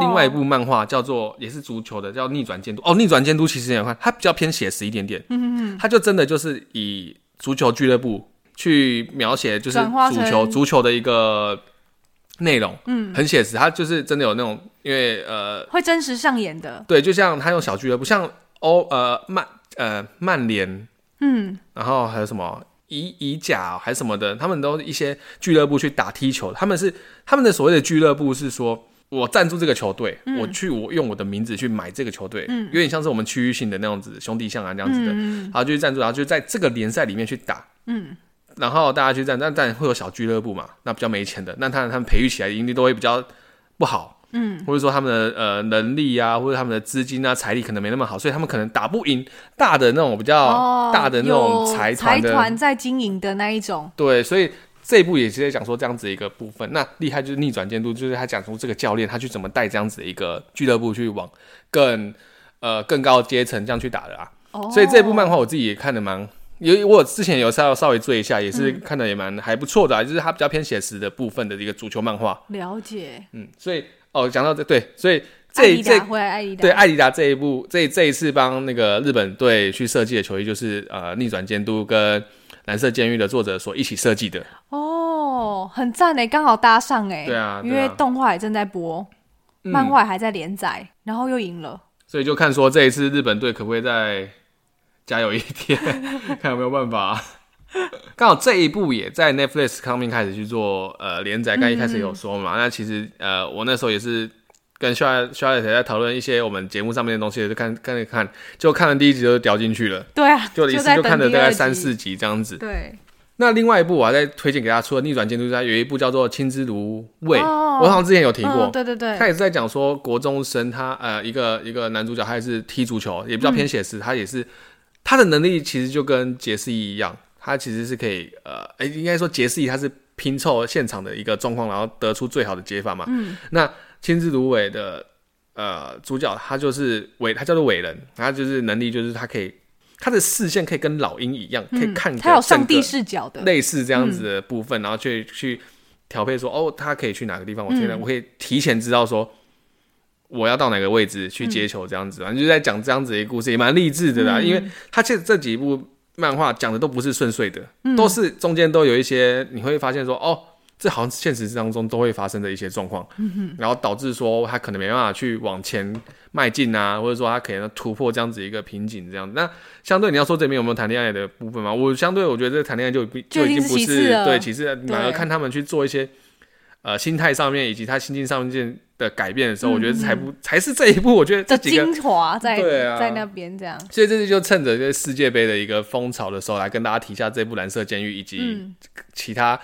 另外一部漫畫叫做也是足球的叫逆，哦，《逆轉監督》哦，《逆轉監督》其實也看，它比較偏寫實一點點。嗯嗯，它就真的就是以足球俱樂部去描寫，就是足球足球的一個。內容，嗯，很寫實，他就是真的有那種，因為呃，會真實上演的。對，就像他用小俱樂部，像歐呃曼呃曼聯，嗯，然後還有什麼乙乙甲、哦、還是什麼的，他們都一些俱樂部去打踢球，他們是他們的所謂的俱樂部是說我贊助這個球隊，嗯、我去我用我的名字去買這個球隊，嗯、有點像是我們區域性的那樣子兄弟像啊這樣子的，嗯、然後就去贊助，然後就在這個聯賽裡面去打，嗯。然後大家去這樣，但但會有小俱樂部嘛，那比較沒錢的，那他們他們培育起來，營地都會比較不好，嗯，或者說他們的呃能力啊，或者他們的資金啊、財力可能沒那麼好，所以他們可能打不贏大的那種比較大的那種財團、哦、財團在經營的那一種。對，所以這一部也直接講說這樣子的一個部分。那厲害就是逆轉監督，就是他講出這個教練他去怎麼帶這樣子的一個俱樂部去往更呃更高的階層這樣去打的啊。哦、所以這部漫畫我自己也看得蠻。有我之前有稍稍微追一下，也是看的也蠻還不錯的，啊，嗯、就是它比較偏寫實的部分的一個足球漫畫。了解，嗯，所以哦，講到這，對，所以這一次回來艾迪達，對艾迪達這一部這一這一次幫那個日本隊去設計的球衣，就是呃逆轉監督跟藍色監獄的作者所一起設計的。哦，很讚呢，欸，剛好搭上哎，欸啊。對啊，因為動畫也正在播，漫畫還在連載，嗯、然後又贏了，所以就看說這一次日本隊可不可以再。加有一天，看有 [LAUGHS] 沒有辦法、啊。剛好這一部也在 Netflix coming 開始去做呃連載，剛一開始有說嘛。嗯、那其實呃，我那時候也是跟 Charlotte 在討論一些我們節目上面的東西，就看看看，就看了第一集就掉進去了。對啊，就一次就看了大概三四集這樣子。對。那另外一部我還在推薦給大家，除了《逆轉監督》家有一部叫做《青之蘆葦》，我好像之前有提過。對對對，他也是在講說國中生，他呃一個一個男主角，他也是踢足球，也比較偏寫實他也是。他的能力其實就跟潔世一一樣，他其實是可以，呃，應該說潔世一他是拼湊現場的一個狀況，然後得出最好的解法嘛。嗯、那青之蘆葦的，呃，主角他就是葦，他叫做葦人，他就是能力就是他可以，他的視線可以跟老鷹一樣，嗯、可以看。他有上帝視角的，類似這樣子的部分，嗯、然後去去調配說，哦，他可以去哪個地方我，我覺得我可以提前知道說。我要到哪個位置去接球，這樣子你、嗯、就在講這樣子的一個故事，也蠻勵志的啦。嗯、因為他這這幾部漫畫講的都不是順遂的，嗯、都是中間都有一些，你會發現說，嗯、哦，這好像現實當中都會發生的一些狀況，嗯、哼然後導致說他可能沒辦法去往前邁進啊，或者說他可能突破這樣子一個瓶頸這樣子。那相對你要說這邊有沒有談戀愛的部分嘛？我相對我覺得這談戀愛就就已經不是，是對，其實哪個看他們去做一些呃心態上面以及他心境上面這。的改變的時候，我覺得才不、嗯、才是這一部，我覺得這就精華在對、啊、在那邊這樣。所以這次就趁着這世界盃的一個風潮的時候，來跟大家提一下這一部《藍色監獄》以及、嗯、其他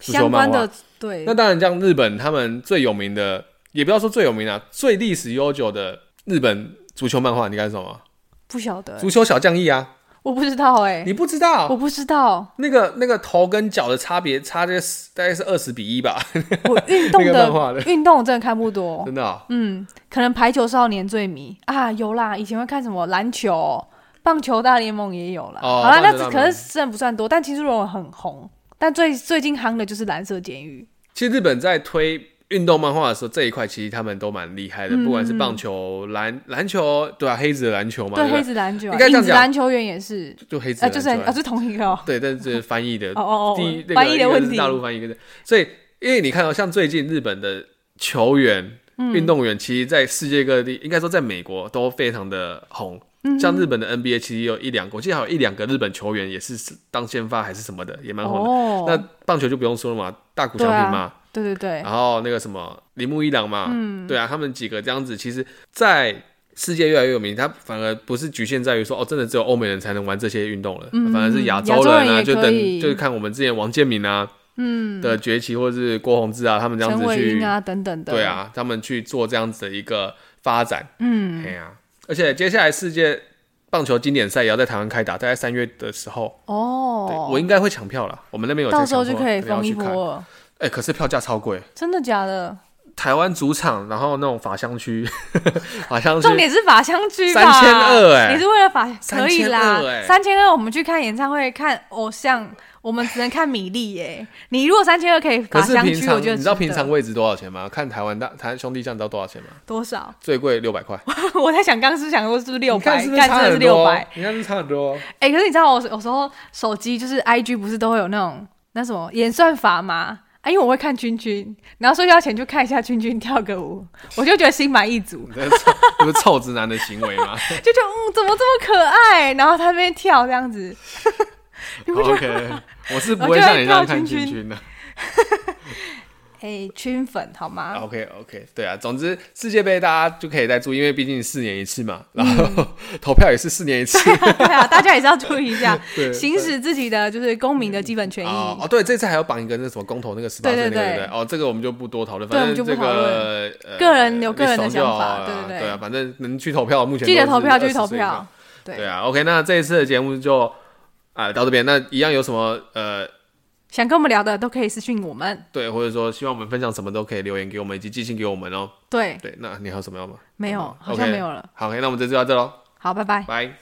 相關的對。那當然，像日本他們最有名的，也不要說最有名啊，最歷史悠久的日本足球漫畫，你看什麼？不曉得。足球小將翼啊。我不知道哎、欸，你不知道，我不知道。那個那個頭跟腳的差別差，差這大概是二十比一吧。 [LAUGHS] 我運動的，的運動的真的看不多，真的、哦。嗯，可能排球少年最迷啊，有啦。以前會看什麼籃球、棒球大聯盟也有啦。哦、好啦，那可是雖然不算多，但其實我很紅。但最最近夯的就是《藍色監獄》。其實日本在推。運動漫畫的時候，這一塊其實他們都蠻厲害的，不管是棒球、籃籃球，對啊，黑子的籃球嘛，對黑子籃球，影子籃球員也是，就黑子籃球員，啊，是同一個，對，但是是翻譯的哦哦哦，翻譯的問題，大陸翻譯，所以因為你看到像最近日本的球員、運動員，其實，在世界各地，應該說在美國都非常的紅，像日本的 NBA 其實有一兩，我記得有一兩個日本球員也是當先發還是什麼的，也蠻紅的。那棒球就不用說了嘛，大谷翔平嘛。對對對，然後那個什麼鈴木一郎嘛，嗯，對啊，他們幾個這樣子，其實，在世界越來越有名，他反而不是局限在於說哦，真的只有歐美人才能玩這些運動了，嗯、反而是亞洲人啊，人就等就是看我們之前王建民啊，嗯的崛起，嗯、或者是郭泓志啊，他們這樣子去啊等等的，對啊，他們去做這樣子的一個發展，嗯，哎呀、啊，而且接下來世界棒球經典賽也要在台灣開打，大概三月的時候，哦對，我應該會搶票了，我們那邊有在搶票到時候就可以瘋一波了。要去哎，可是票價超貴，真的假的？台灣主場，然後那種法香區，法香區重點是法香區，三千二哎，你是為了法可以啦，三千二我們去看演唱會看偶像，我們只能看米粒哎。你如果三千二可以法香區，我覺得你知道平常位置多少錢嗎？看台灣大台灣兄弟這樣知道多少錢嗎？多少？最貴六百塊。我在想，剛剛是想說是不是六百？看是不是差了六百？應該是差很多。哎，可是你知道我有時候手機就是 IG 不是都會有那種那什麼演算法嗎？哎、啊，因為我會看君君，然後睡覺前就看一下君君跳個舞， [LAUGHS] 我就覺得心滿意足。哈哈， [LAUGHS] 不是臭直男的行為嗎？ [LAUGHS] [LAUGHS] 就覺得嗯，怎麼這麼可愛？然後他那邊跳這樣子， [LAUGHS] 你不覺得嗎？Okay, 我是不會像你這樣看君君的。 [LAUGHS] 可以圈粉好嗎？OK OK，對啊，總之世界盃大家就可以再注，因為畢竟四年一次嘛，然後投票也是四年一次。對啊，大家也是要注意一下，行使自己的就是公民的基本權益哦，對，這次還要綁一個那什麼公投那個時代。對對對對對，哦，這個我們就不多討論，反正這個個人有個人的想法，對對對啊，反正能去投票，目前記得投票，就去投票。對對啊，OK，那這一次的節目就到這邊，那一樣有什麼呃？想跟我們聊的都可以私訊我們，對，或者說希望我們分享什麼都可以留言給我們，以及寄信給我們哦、喔。對，對，那你還有什麼要嗎？沒有，好像沒有了。Okay. 好，okay, 那我們這就到這嘍。好，拜拜。拜。